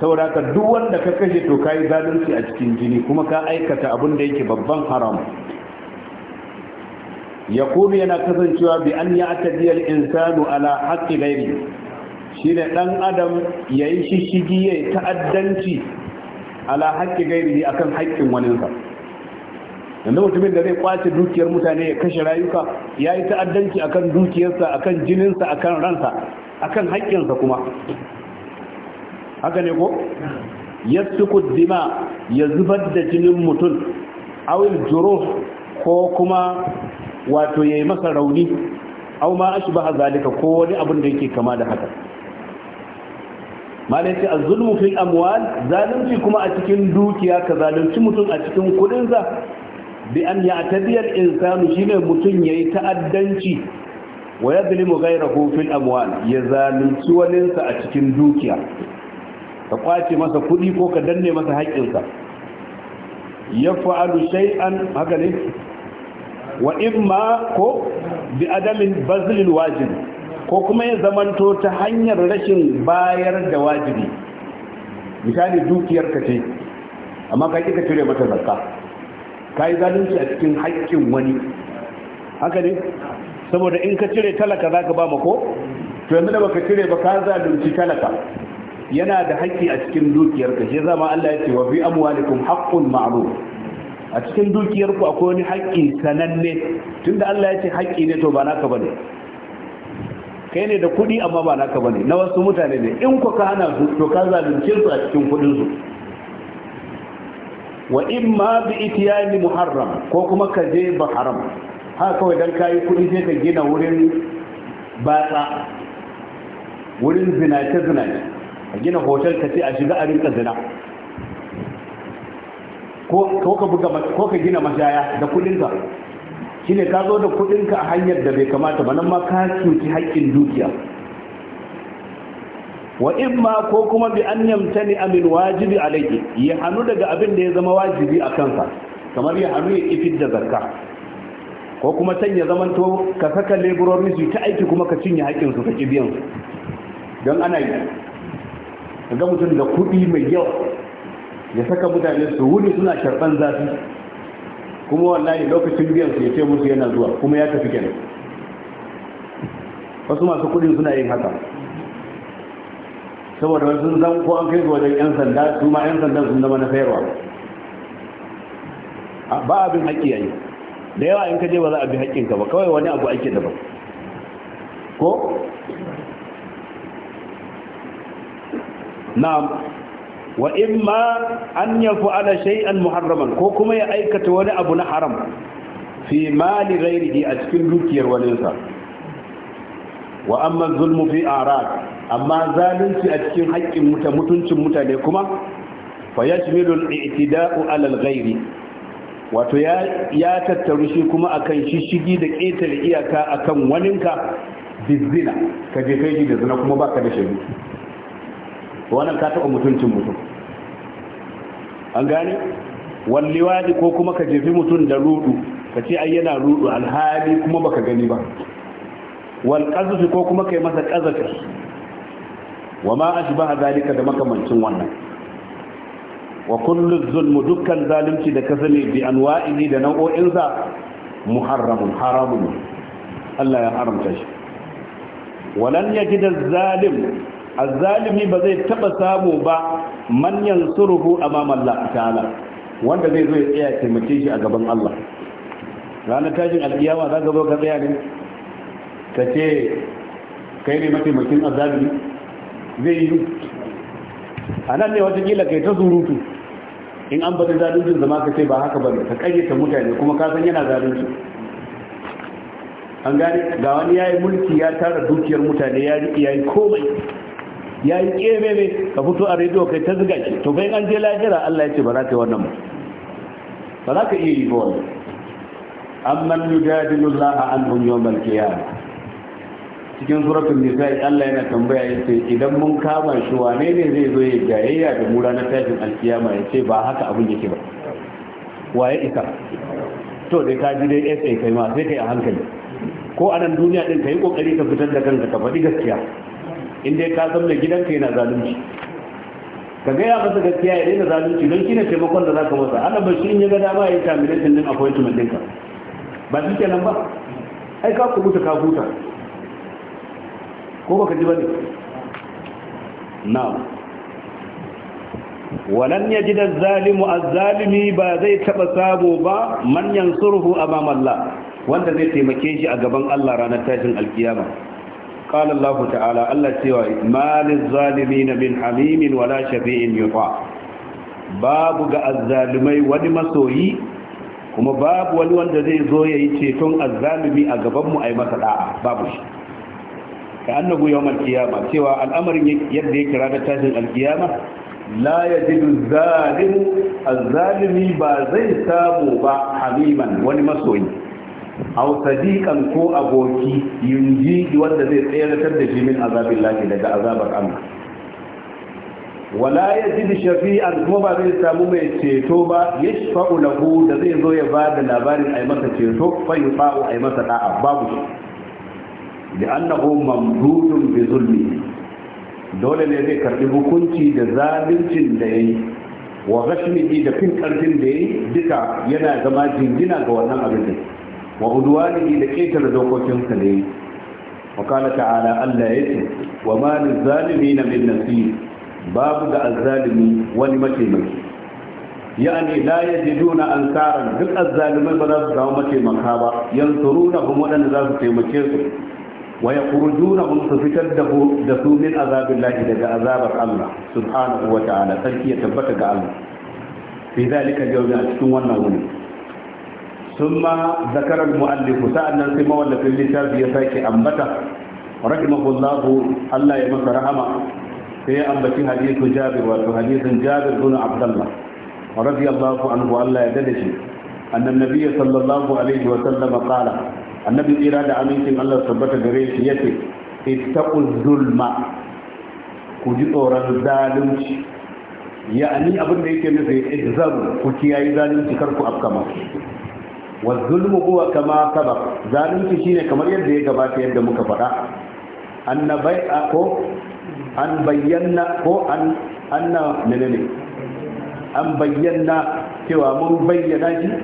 saboda duk wanda ka kashe to yi zalunci a cikin jini kuma ka aikata abin da yake babban haram yakubu yana kasancewa bi an ya atadiyal insanu ala gairi. Shi shine ɗan adam yayi shishigi yayi ta'addanci ala gairi ghairi akan haƙƙin waninsa yanzu mutumin da zai kwace dukiyar mutane ya kashe rayuka ya yi ta'addanci akan dukiyarsa akan jininsa akan ransa akan haƙƙinsa kuma haka ne ko ya suku dima ya zubar da jinin mutum awil juro ko kuma wato yayi masa rauni aw ma ashbaha zalika ko wani abin da yake kama da haka malai ce az fil amwal zalunci kuma a cikin dukiya ka zalunci mutum a cikin kudin sa bi an ya'tadi al-insanu shine mutum yayi ta'addanci wa yadlimu ghayrahu fil amwal ya zalunci waninsa a cikin dukiya ka kwace masa kudi ko ka danne masa haƙƙinsa ya fa'alu shay'an haka ne wa imma ko bi adamin bazlil wajibi ko kuma ya zamanto ta hanyar rashin bayar da wajibi misali dukiyar ka ce amma ka kika cire mata zakka ka yi zalunci a cikin haƙƙin wani haka ne saboda in ka cire talaka za ka ba mako to yanzu da baka cire ba ka zalunci talaka yana da haƙƙi a cikin dukiyar ka shi zama Allah ya ce wa fi amwalikum haqqun ma'ruf a cikin dukiyarku akwai wani haƙƙi sananne tunda Allah ya ce haƙƙi ne to ba naka bane kai ne da kuɗi amma ba naka bane na wasu mutane ne in ku ka hana su to ka zalunce su a cikin kuɗin su wa in ma bi itiyani muharram ko kuma ka je ba haram ha kawai dan kayi kuɗi sai ka gina wurin batsa wurin zinace zinace a gina hotel ka ce a shiga a rinka zina ko ka gina mashaya da ka shine ka zo da ka a hanyar da bai kamata ba nan ma ka cuci haƙƙin dukiya wa imma ko kuma bi an yamtani amin wajibi alayhi ya hannu daga abin da ya zama wajibi a kansa kamar ya hanu ya ifid da zakka ko kuma can ya zamanto ka saka laborori su ta aiki kuma ka cinye haƙƙin su ka ki biyan don ana yi ga mutum da kuɗi mai yawa ya saka mutane su wuni suna karɓan zafi kuma wallahi lokacin biyan su ya ce musu yana zuwa kuma ya tafi kenan wasu masu kudin suna yin haka saboda wasu zan ko an kai su wajen yan sanda su ma yan sandan sun zama na sayarwa ba abin haƙƙi yayi da yawa in ka je ba za a bi haƙƙinka ba kawai wani abu ake daban ko na wa ma an yafi ala shay'an muharraman ko kuma ya aikata wani abu na haram fi mali ghairihi a cikin dukiyar waninsa wa amma zulmu fi arad amma zalunci a cikin haƙƙin muta mutuncin mutane kuma fa yashmilu al-i'tida'u 'ala al wato ya ya tattaru shi kuma akan shishigi da ƙetare iyaka akan waninka bizina ka je kai da zina kuma baka da shaidu wannan ka taɓa mutuncin mutum an gane walliwadi ko kuma ka jefi mutum da rudu ka ce ai yana rudu alhali kuma baka gani ba wal qazfi ko kuma kai masa qazfi wa ma ashbaha zalika da makamancin wannan wa kullu zulm dukkan zalunci da kasani bi anwa'ihi da nau'o'insa muharramun haramun Allah ya haramta shi walan yajid az-zalim azzalimi ba zai taba samu ba man yansuruhu amama Allah ta'ala wanda zai zo ya tsaya taimake shi a gaban Allah ranar tashin alkiyama za ka zo ka tsaya ne ka ce kai ne mataimakin azzalimi zai yi a nan ne watakila kai ta surutu in an bada zalunci zama ka ce ba haka ba ka karyata mutane kuma ka san yana zalunci an gane ga wani yayi mulki ya tara dukiyar mutane ya yi komai ya yi kebebe ka fito a rediyo kai ta ziga shi to bayan an je lahira Allah ya ce ba za ka yi wannan ba ba za ka iya yi ba wannan amman yujadilu an anhum yawmal qiyamah cikin suratul Nisa'i Allah yana tambaya yace idan mun kama shi wane ne zai zo ya gayyaya da mura na tashin alkiyama yace ba haka abun yake ba waye isa to dai ka ji dai SA kai ma sai kai a hankali ko a nan duniya din kai kokari ka fitar da kanka ka faɗi gaskiya Inda ya ka san mai gidanka yana zalunci ka gaya masa gaskiya ya daina zalunci don na taimakon da ka masa ana ba shi in ya ga dama ya termination din appointment ɗinka ba shi kenan ba ai ka kubuta ka huta ko baka ji ba ne na'am walan ji da zalimu a zalimi ba zai taba sabo ba manyan surhu a mamalla wanda zai taimake shi a gaban Allah ranar tashin alkiyama قال الله تعالى الله سوى ما للظالمين من حميم ولا شفيع يطاع babu ga azzalumai wani masoyi kuma babu wani wanda zai zo ya yi ceton azzalumi a gabanmu a masa da'a babu shi ka annabu yau malkiyama cewa al'amarin yadda ya kira da tashin alkiyama la ya jidu zalimu azzalumi ba zai samu ba hamiman wani masoyi aw sadiqan ko aboki yunji wanda zai tsayar da shi min azabin daga azabar Allah wala yajid shafi'an kuma ba zai samu mai ceto ba yashfa'u lahu da zai zo ya ba da labarin ai masa ceto fa yufa'u ai masa da'a babu shi li'annahu mamdudun bi zulmi dole ne zai karbi hukunci da zaluncin da yayi wa ghashmihi da fin karfin da yayi duka yana zama jingina ga wannan abin wa udwanihi da ƙetare dokokinsa ne wa kala ta'ala Allah ya ce wa ma lil zalimin min nasir babu da azzalimi wani mataimaki yani la yajiduna ankaran duk azzalimai ba za su samu mataimaka ba yansuruna hum wadanda za su taimake su wa yakhrujuna hum su fitar da da su min azabillahi daga azabar Allah subhanahu wa ta'ala sarki ya tabbata ga Allah fi zalika yawmi a cikin wannan wuri ثم ذكر المؤلف سألنا القمة ولا في الكتاب يساك أنبته رحمه الله الله يمس رحمه في أنبت حديث جابر وحديث جابر بن عبد الله رضي الله عنه الله يدلش أن النبي صلى الله عليه وسلم قال النبي إرادة أمينكم الله ثبت بريش يتي اتقوا الظلم كجئور الظالم يعني أبن ليك نفي اجزروا كتياي ظالم تكركوا أبكما wa zulmu huwa kama sabab zalunci shine kamar yadda ya gabata yadda muka faɗa annabai ko an bayyana ko an anna menene an bayyana cewa mun bayyana shi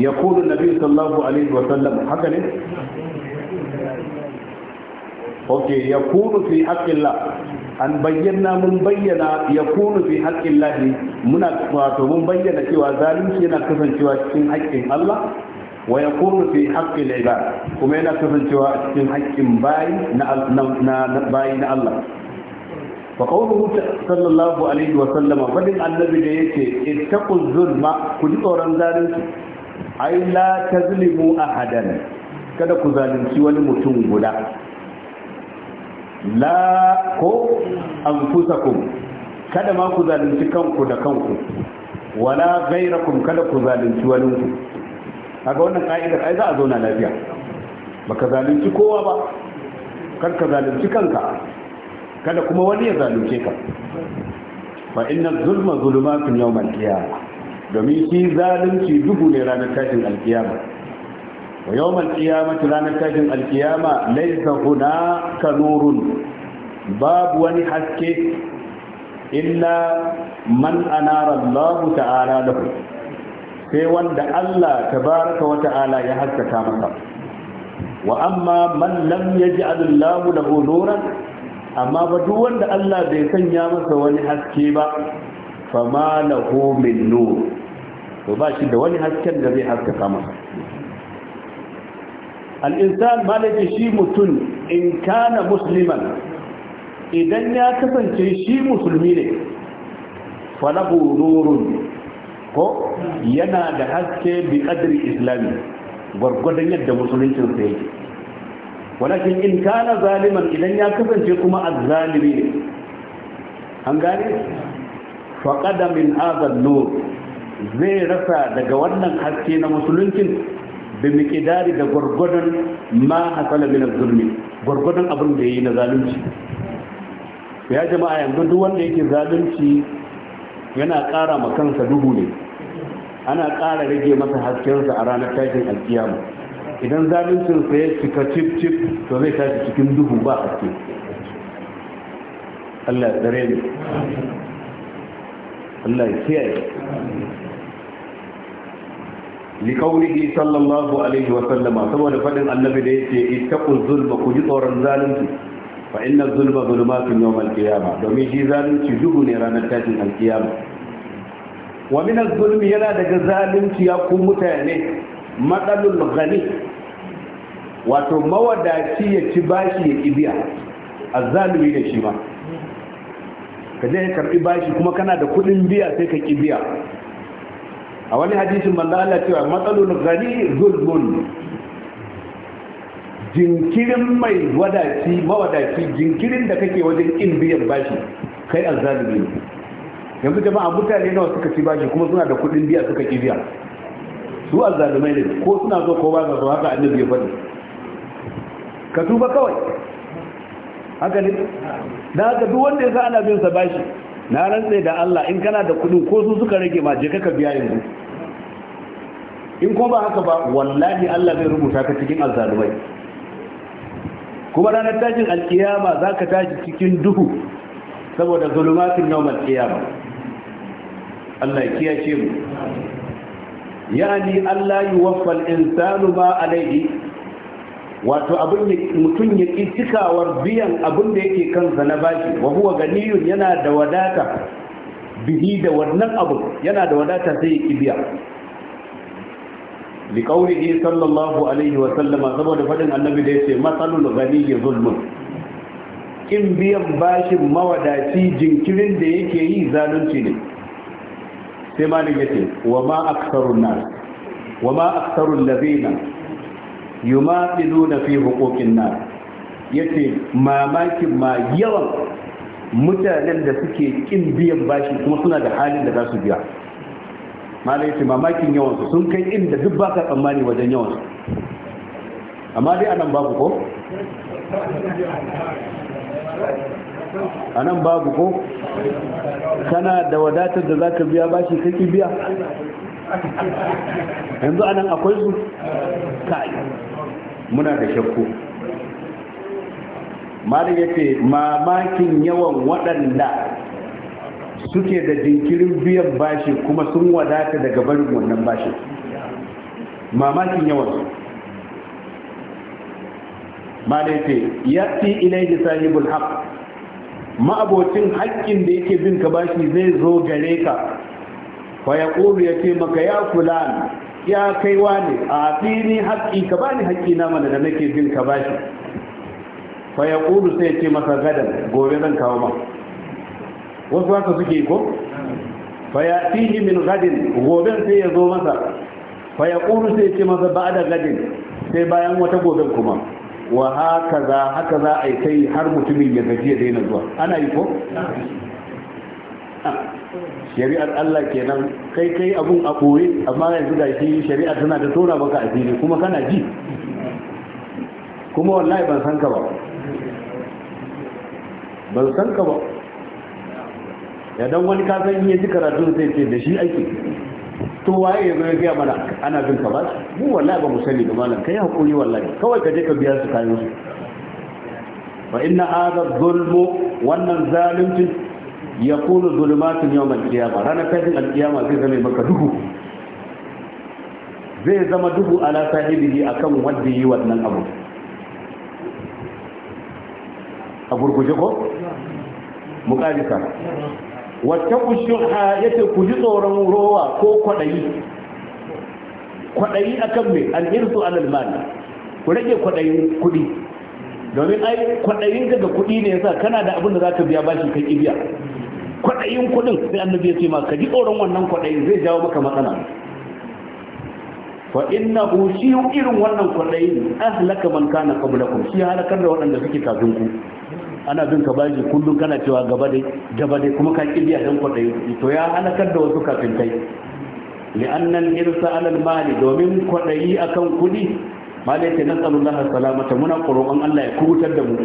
ya kulu nabi sallallahu alaihi wa sallam haka ne ok ya kulu fi haƙƙillah an bayyana mun bayyana ya kulu fi haƙƙillah muna wato mun bayyana cewa zalunci yana kasancewa cikin haƙƙin Allah wa yakunu fi haqqi al-ibad kuma yana kasancewa a cikin haƙƙin bayi na bayi na Allah fa qawluhu sallallahu alaihi wa sallama faɗin annabi da yake ittaqu zulma ku ji tsoron zalunci ai la tazlimu ahadan kada ku zalunci wani mutum guda la ko anfusakum kada ma ku zalunci kanku da kanku wala gairakum kada ku zalunci wani kaga wannan ka'idar ai za a zauna lafiya Ba ka zalunci kowa ba kar ka zalunci kanka kada kuma wani ya zalunce ka fa inna zulma zulumatun yawmal qiyamah domin shi zalunci duhu ne ranar tashin alkiyama wa yawmal qiyamah ranar tashin alkiyama laysa hunaka nurun babu wani haske illa man anara Allah ta'ala lahu sai wanda Allah tabaraka wa ta'ala ya haskaka masa wa amma man lam yaj'al Allah lahu nuran amma ba duk wanda Allah bai sanya masa wani haske ba fama lahu min nur to ba shi da wani hasken da zai haskaka masa al'insan malaki shi mutum in kana musliman idan ya kasance shi musulmi ne falahu nurun ko yana da haske bi kadri islami gwargwadon yadda musulunci sa yake walakin in kana zaliman idan ya kasance kuma zalimi ne an gane faƙada min hadha nur zai rasa daga wannan haske na musuluncin bi miqdari da gwargwadon ma hasala min zulmi gwargwadon abin da yayi na zalunci ya jama'a yanzu duk wanda yake zalunci yana ƙara ma kansa duhu ne ana ƙara rage masa haskensa a ranar tashin alkiyama idan zaluncinsa ya cika cif cif to zai tashi cikin duhu ba haske Allah ya tsare ne Allah ya kiyaye لقوله saboda faɗin عليه وسلم سوى لفن ita ده zulma ku ji tsoron zalunci fa inna zulma zulumatun yawm al-qiyamah domin shi zalunci duhu ne ranar tashin al-qiyama wa min az-zulmi yana daga zalunci ya ku mutane matsalul ghani wato mawadaci ya ci bashi ya kibiya azzalumi ne shi ma ka je ka karbi bashi kuma kana da kudin biya sai ka kibiya a wani hadisin manzo Allah cewa matsalul ghani zulmun jinkirin mai wadaci mawadaci jinkirin da kake wajen in biyan bashi kai azzalimi yanzu jama'a mutane nawa suka ci bashi kuma suna da kuɗin biya suka ki biya su alzalimai ne ko suna zo ko ba zo haka annabi ya faɗi ka tuba kawai haka ne da haka duk wanda ya sa ana bin sa bashi na rantse da Allah in kana da kuɗin ko su suka rage ma je ka biya yanzu in ko ba haka ba wallahi Allah zai rubuta ka cikin alzalimai? kuma ranar tashin alkiyama za ka tashi cikin duhu saboda zulumatin yau alkiyama Allah ya kiyace mu yani Allah yi waffal insanu ba alaihi wato abin mutum ya ki cikawar biyan abin da yake kansa na bashi wa huwa ganiyun yana da wadata bihi da wannan abu yana da wadata sai ya kibiya. li qawlihi sallallahu alaihi wa sallama saboda fadin annabi da yace masalul ghani zulmun in biyan bashin mawadaci jinkirin da yake yi zalunci ne sai malin yace wa ma aktharun nas wa ma aktharul ladina yumatiluna fi huquqin nas yace mamakin ma yawan mutanen da suke kin biyan bashi kuma suna da halin da za su biya malai ce mamakin yawansu sun kai inda duk ba ka tsammani wajen yawansu amma dai anan babu ko? anan babu ko? kana da wadatar da za ka biya bashi kake biya? yanzu anan akwai su? kai muna da shakku malai ya ce mamakin yawan waɗanda suke da jinkirin biyan bashi kuma sun wadata daga barin wannan bashi mamakin yawan ma da yake ilaihi sahibul haqq ma'abocin haƙƙin da yake bin ka bashi zai zo gare ka fa ya ya ce maka ya fulan ya kai ne a fini haƙƙi ka bani haƙƙi na mana da nake bin ka bashi fa ya sai ce masa gadan gobe zan kawo ma. wasu haka suke ko fayatihi min gadin gobe sai ya zo masa ƙuru sai ce masa da gadin sai bayan wata gobe kuma wa haka za haka za a yi kai har mutumin ya gaji ya daina zuwa ana yi ko shari'ar Allah kenan kai kai abun a koyi amma yanzu ga shi shari'ar tana ta tona maka a fili kuma kana ji kuma wallahi ban san ka ba ban san ka ba ya dan wani kasan san ji karatu zai ce da shi ake to waye ya zai gaya mana ana bin ka ba mu wallahi ba mu sani da malam kai hakuri wallahi kawai ka je ka biya su kayan su fa inna hadha zulmu wannan zalunci yakunu zulumatun yawm al-qiyamah ranar kafin al-qiyamah zai zama maka duhu zai zama duhu ala sahibihi akan wanda yi wannan abu a gurguje ko mu wata kushuha ya ce ku ji tsoron rowa ko kwaɗayi kwaɗayi a kan mai al'irsu al'almani ku rage kwaɗayin kuɗi domin ai kwaɗayin daga kuɗi ne yasa kana da abin da za ka biya bashi kai ibiya kwaɗayin kuɗin sai annabi ya ce ma ka ji tsoron wannan kwaɗayin zai jawo maka matsala fa inna shi irin wannan kwaɗayin ahlaka man kana qablakum shi halakar da waɗanda suke kafin ku ana bin ka baji kullum kana cewa gaba dai gaba dai kuma ka kibiya dan kwaɗayi to ya halakar da wasu kafin kai li'annan irsa alal mali domin kwaɗayi akan kuɗi mali ce na tsaron lahar salamata muna ƙoroƙon allah ya kubutar da mu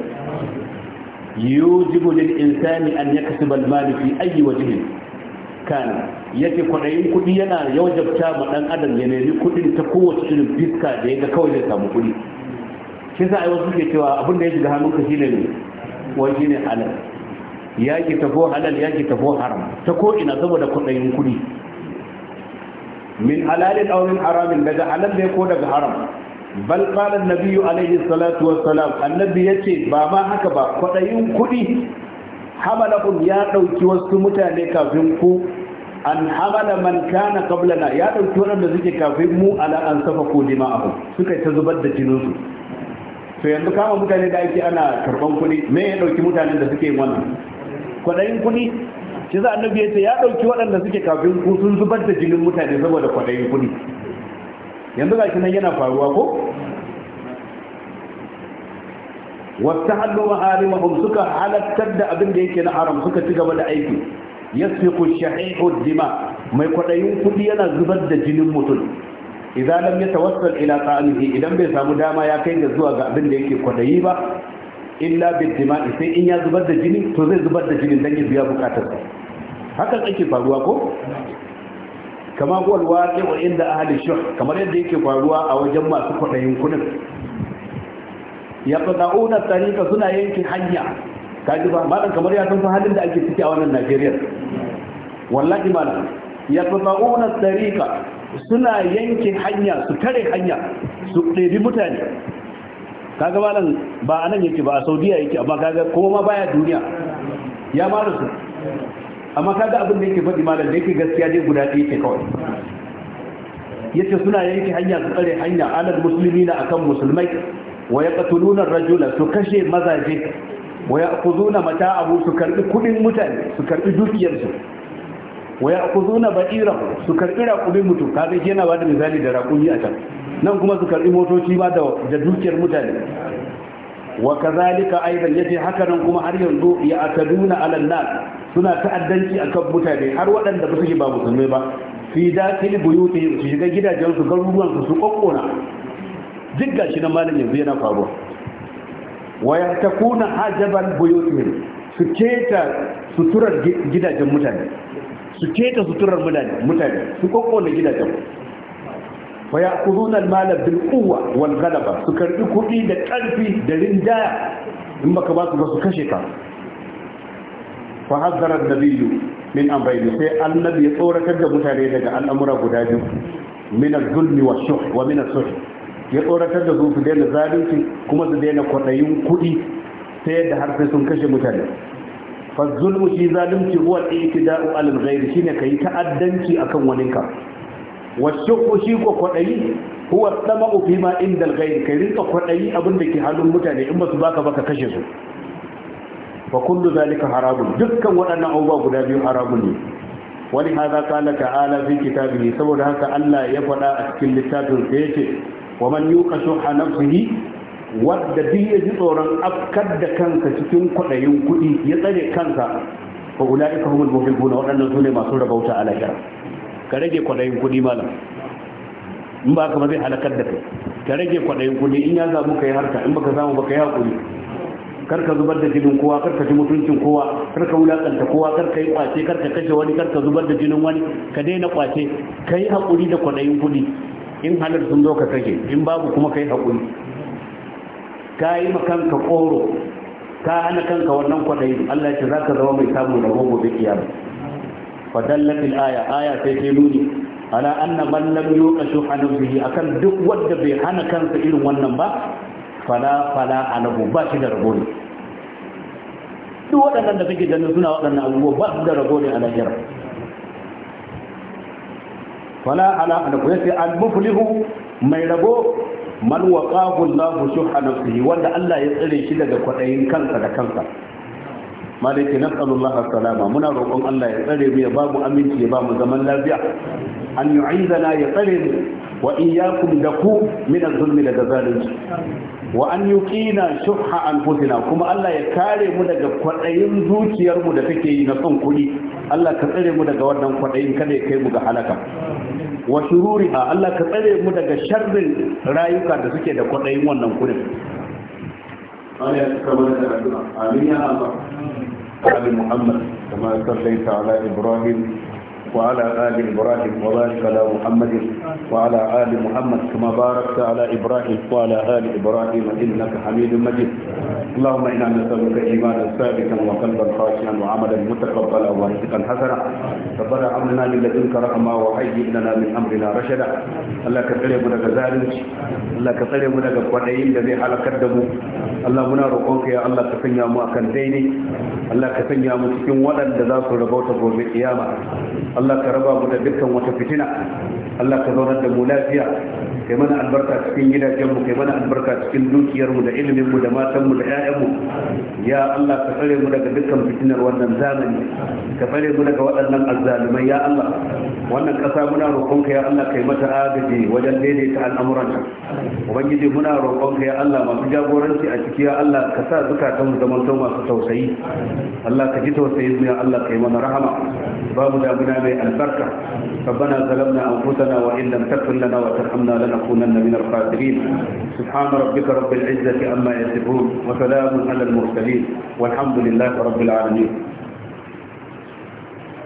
yujibu lil insani an yaksuba al mali fi ayi wajhin kan yake kwaɗayin kuɗi yana yawajabta ma ɗan adam ya nemi kuɗin ta kowace irin fiska da ya ga kawai zai samu kuɗi kisa sa ai wasu ke cewa abin da ya shiga hannunka shine ne kuwa shi halal yaƙi tafo halal yaƙi tafo haram ta ko'ina saboda kuɗayin kuɗi min halalin aunin haramin daga halal ne ko daga haram bal qala an-nabiyyu alayhi salatu wassalam annabi yace ba ma haka ba kuɗayin kuɗi hamalakum ya ɗauki wasu mutane kafin ku an hamala man kana qablana ya ɗauki waɗanda suke kafin mu ala an safa ko dima'ahu suka ta zubar da jininsu to yanzu kama mutane da ake ana karban kuɗi me ya ɗauki mutanen da suke wannan kwaɗayin kuɗi shi za annabi ya ce ya ɗauki waɗanda suke kafin ku sun zubar da jinin mutane saboda kwaɗayin kuɗi yanzu ga nan yana faruwa ko wata hannu mahum suka halattar da abin da yake na haram suka ci gaba da aiki ku shahihu dima mai kwaɗayin kuɗi yana zubar da jinin mutum idan lam tawassal ila ta'amihi idan bai samu dama ya kai ga zuwa ga abin da yake kwadayi ba illa bil dima'i sai in ya zubar da jini to zai zubar da jini dan ya biya bukatar sa hakan ake faruwa ko kama waqi wa inda ahli shuh kamar yadda yake faruwa a wajen masu kwadayin kunin yaqta'una tariqa suna yanke hanya kaji ba malam kamar ya san halin da ake ciki a wannan Najeriya wallahi malam yaqta'una tariqa suna yanke hanya su tare hanya su ɗebi mutane kaga malam ba a nan yake ba a saudiya yake amma kaga kuma ma baya duniya ya mara su amma kaga abin da yake faɗi malam da yake gaskiya dai guda ɗaya yake kawai yace suna yanke hanya su kare hanya alal muslimina na akan musulmai wa yaqtuluna rajula su kashe mazaje wa ya'khuduna mata'ahu su karbi kudin mutane su karbi dukiyarsu wa ya'khuduna ba'irahu su karbi raƙumin mutum ke na ba da misali da raƙumi a can nan kuma su karbi motoci ba da dukiyar mutane wa ka kazalika aidan ce haka nan kuma har yanzu ya aka ala alanna suna ta'addanci a kan mutane har waɗanda ba su ba musulmai ba fi dakil buyutihim su shiga gidajensu, su garuruwan su su kokkona duk shi na malam yanzu yana faruwa wa yahtakuna hajaban buyutihim su keta suturar gidajen mutane su keta suturar mutane su kokkona gidajen fa ya'khuduna al-mala bil wal ghalaba su karbi kuɗi da ƙarfi da rinjaya in baka ba su ba kashe ka fa hazzara da biyu min bayyana sai annabi ya tsoratar da mutane daga al'amura guda biyu min az-zulmi wash-shuh wa min as ya tsoratar da su su daina zalunci kuma su daina kwaɗayin kuɗi sai da har sai sun kashe mutane fa shi zalunci huwa al-iktida'u ala al-ghayr shine kai ta'addanci akan waninka wa shukku shi ko kwadayi huwa tamau fi ma inda al-ghayr kai rinka kwadayi abin da ke halin mutane in ba su baka baka kashe su fa kullu zalika haramun dukkan waɗannan abubuwa guda biyu haramun ne wani hada kala ta'ala fi kitabihi saboda haka Allah ya faɗa a cikin littafin sa yace wa man yuqashu nafsihi wadda duk ya ji tsoron afkar da kanka cikin kwaɗayin kuɗi ya tsare kansa fa kuma humul muflihun waɗannan su ne masu rabauta a lahira ka rage kwaɗayin kuɗi malam in ba ka ba zai halakar da kai ka rage kwaɗayin kuɗi in ya samu ka yi harka in baka samu baka yi haƙuri kar ka zubar da jinin kowa kar ka ci mutuncin kowa kar ka wulaƙanta kowa kar ka yi ƙwace, kar ka kashe wani kar ka zubar da jinin wani ka daina ƙwace, ka yi haƙuri da kwaɗayin kuɗi in halar sun zo ka kashe in babu kuma ka yi haƙuri ka yi ma kanka koro ka hana kanka wannan kwaɗayi Allah ya ce za ka zama mai samun rabo gobe kiyama fa dallatil aya aya sai ta nuni ala anna man lam yuqa shuha nafsihi akan duk wanda bai hana kansa irin wannan ba fala fala alahu ba shi da rabo ne duk waɗannan da kake ganin suna waɗannan abubuwa ba su da rabo ne a lahira fala ala alahu yace al muflihu mai rabo man waqahu Allah shuha nafsihi wanda Allah ya tsare shi daga kwadayin kansa da kansa malaki nas'alullaha salama muna roƙon Allah ya tsare mu ya ba mu aminci ya ba mu zaman lafiya an yu'izana ya tsare mu wa iyyakum da ku min az-zulmi daga zalunci wa an yuqina shuhha anfusina kuma Allah ya kare mu daga kwadayin zuciyar mu da take yi na son kuɗi Allah ka tsare mu daga wannan kwaɗayin kada ya kai mu ga halaka wa shururiha Allah ka tsare mu daga sharrin rayuka da suke da kwaɗayin wannan kudin Allah ya cika mana da addu'a amin ya Allah Ali Muhammad kama sallaita ala Ibrahim وعلى آل إبراهيم وبارك على محمد وعلى آل محمد كما باركت على إبراهيم وعلى آل إبراهيم إنك حميد مجيد اللهم إنا نسألك إيمانا ثابتا وقلبا خاشعا وعملا متقبلا ورزقا حسنا ربنا عملنا من لدنك رحمة وهيئ لنا من أمرنا رشدا الله كفري من غزالك الله كفري من غفرين الذي على قدمه الله منا roƙonka ya Allah ka sanya mu akan daidai Allah ka sanya mu cikin waɗanda za su rabauta gobe kiyama Allah ka raba mu da dukkan wata fitina Allah ka zaunar da mu lafiya kai mana albarka cikin gidajenmu kai mana albarka cikin dukiyarmu da iliminmu da matanmu da 'ya'yanmu ya Allah ka tsare mu daga dukkan fitinar wannan zamani ka tsare mu daga waɗannan azzalumai ya Allah wannan ƙasa muna roƙonka ya Allah kai mata agaji wajen daidaita al'amuranta ubangiji muna roƙonka ya Allah masu jagoranci a ciki ya Allah ka sa zukatan mu zaman masu tausayi Allah ka ji tausayin mu ya Allah kai mana rahama babu damuna mai الفرقة ربنا ظلمنا أنفسنا وإن لم تغفر لنا وترحمنا لنكونن من الخاسرين سبحان ربك رب العزة عما يصفون وسلام على المرسلين والحمد لله رب العالمين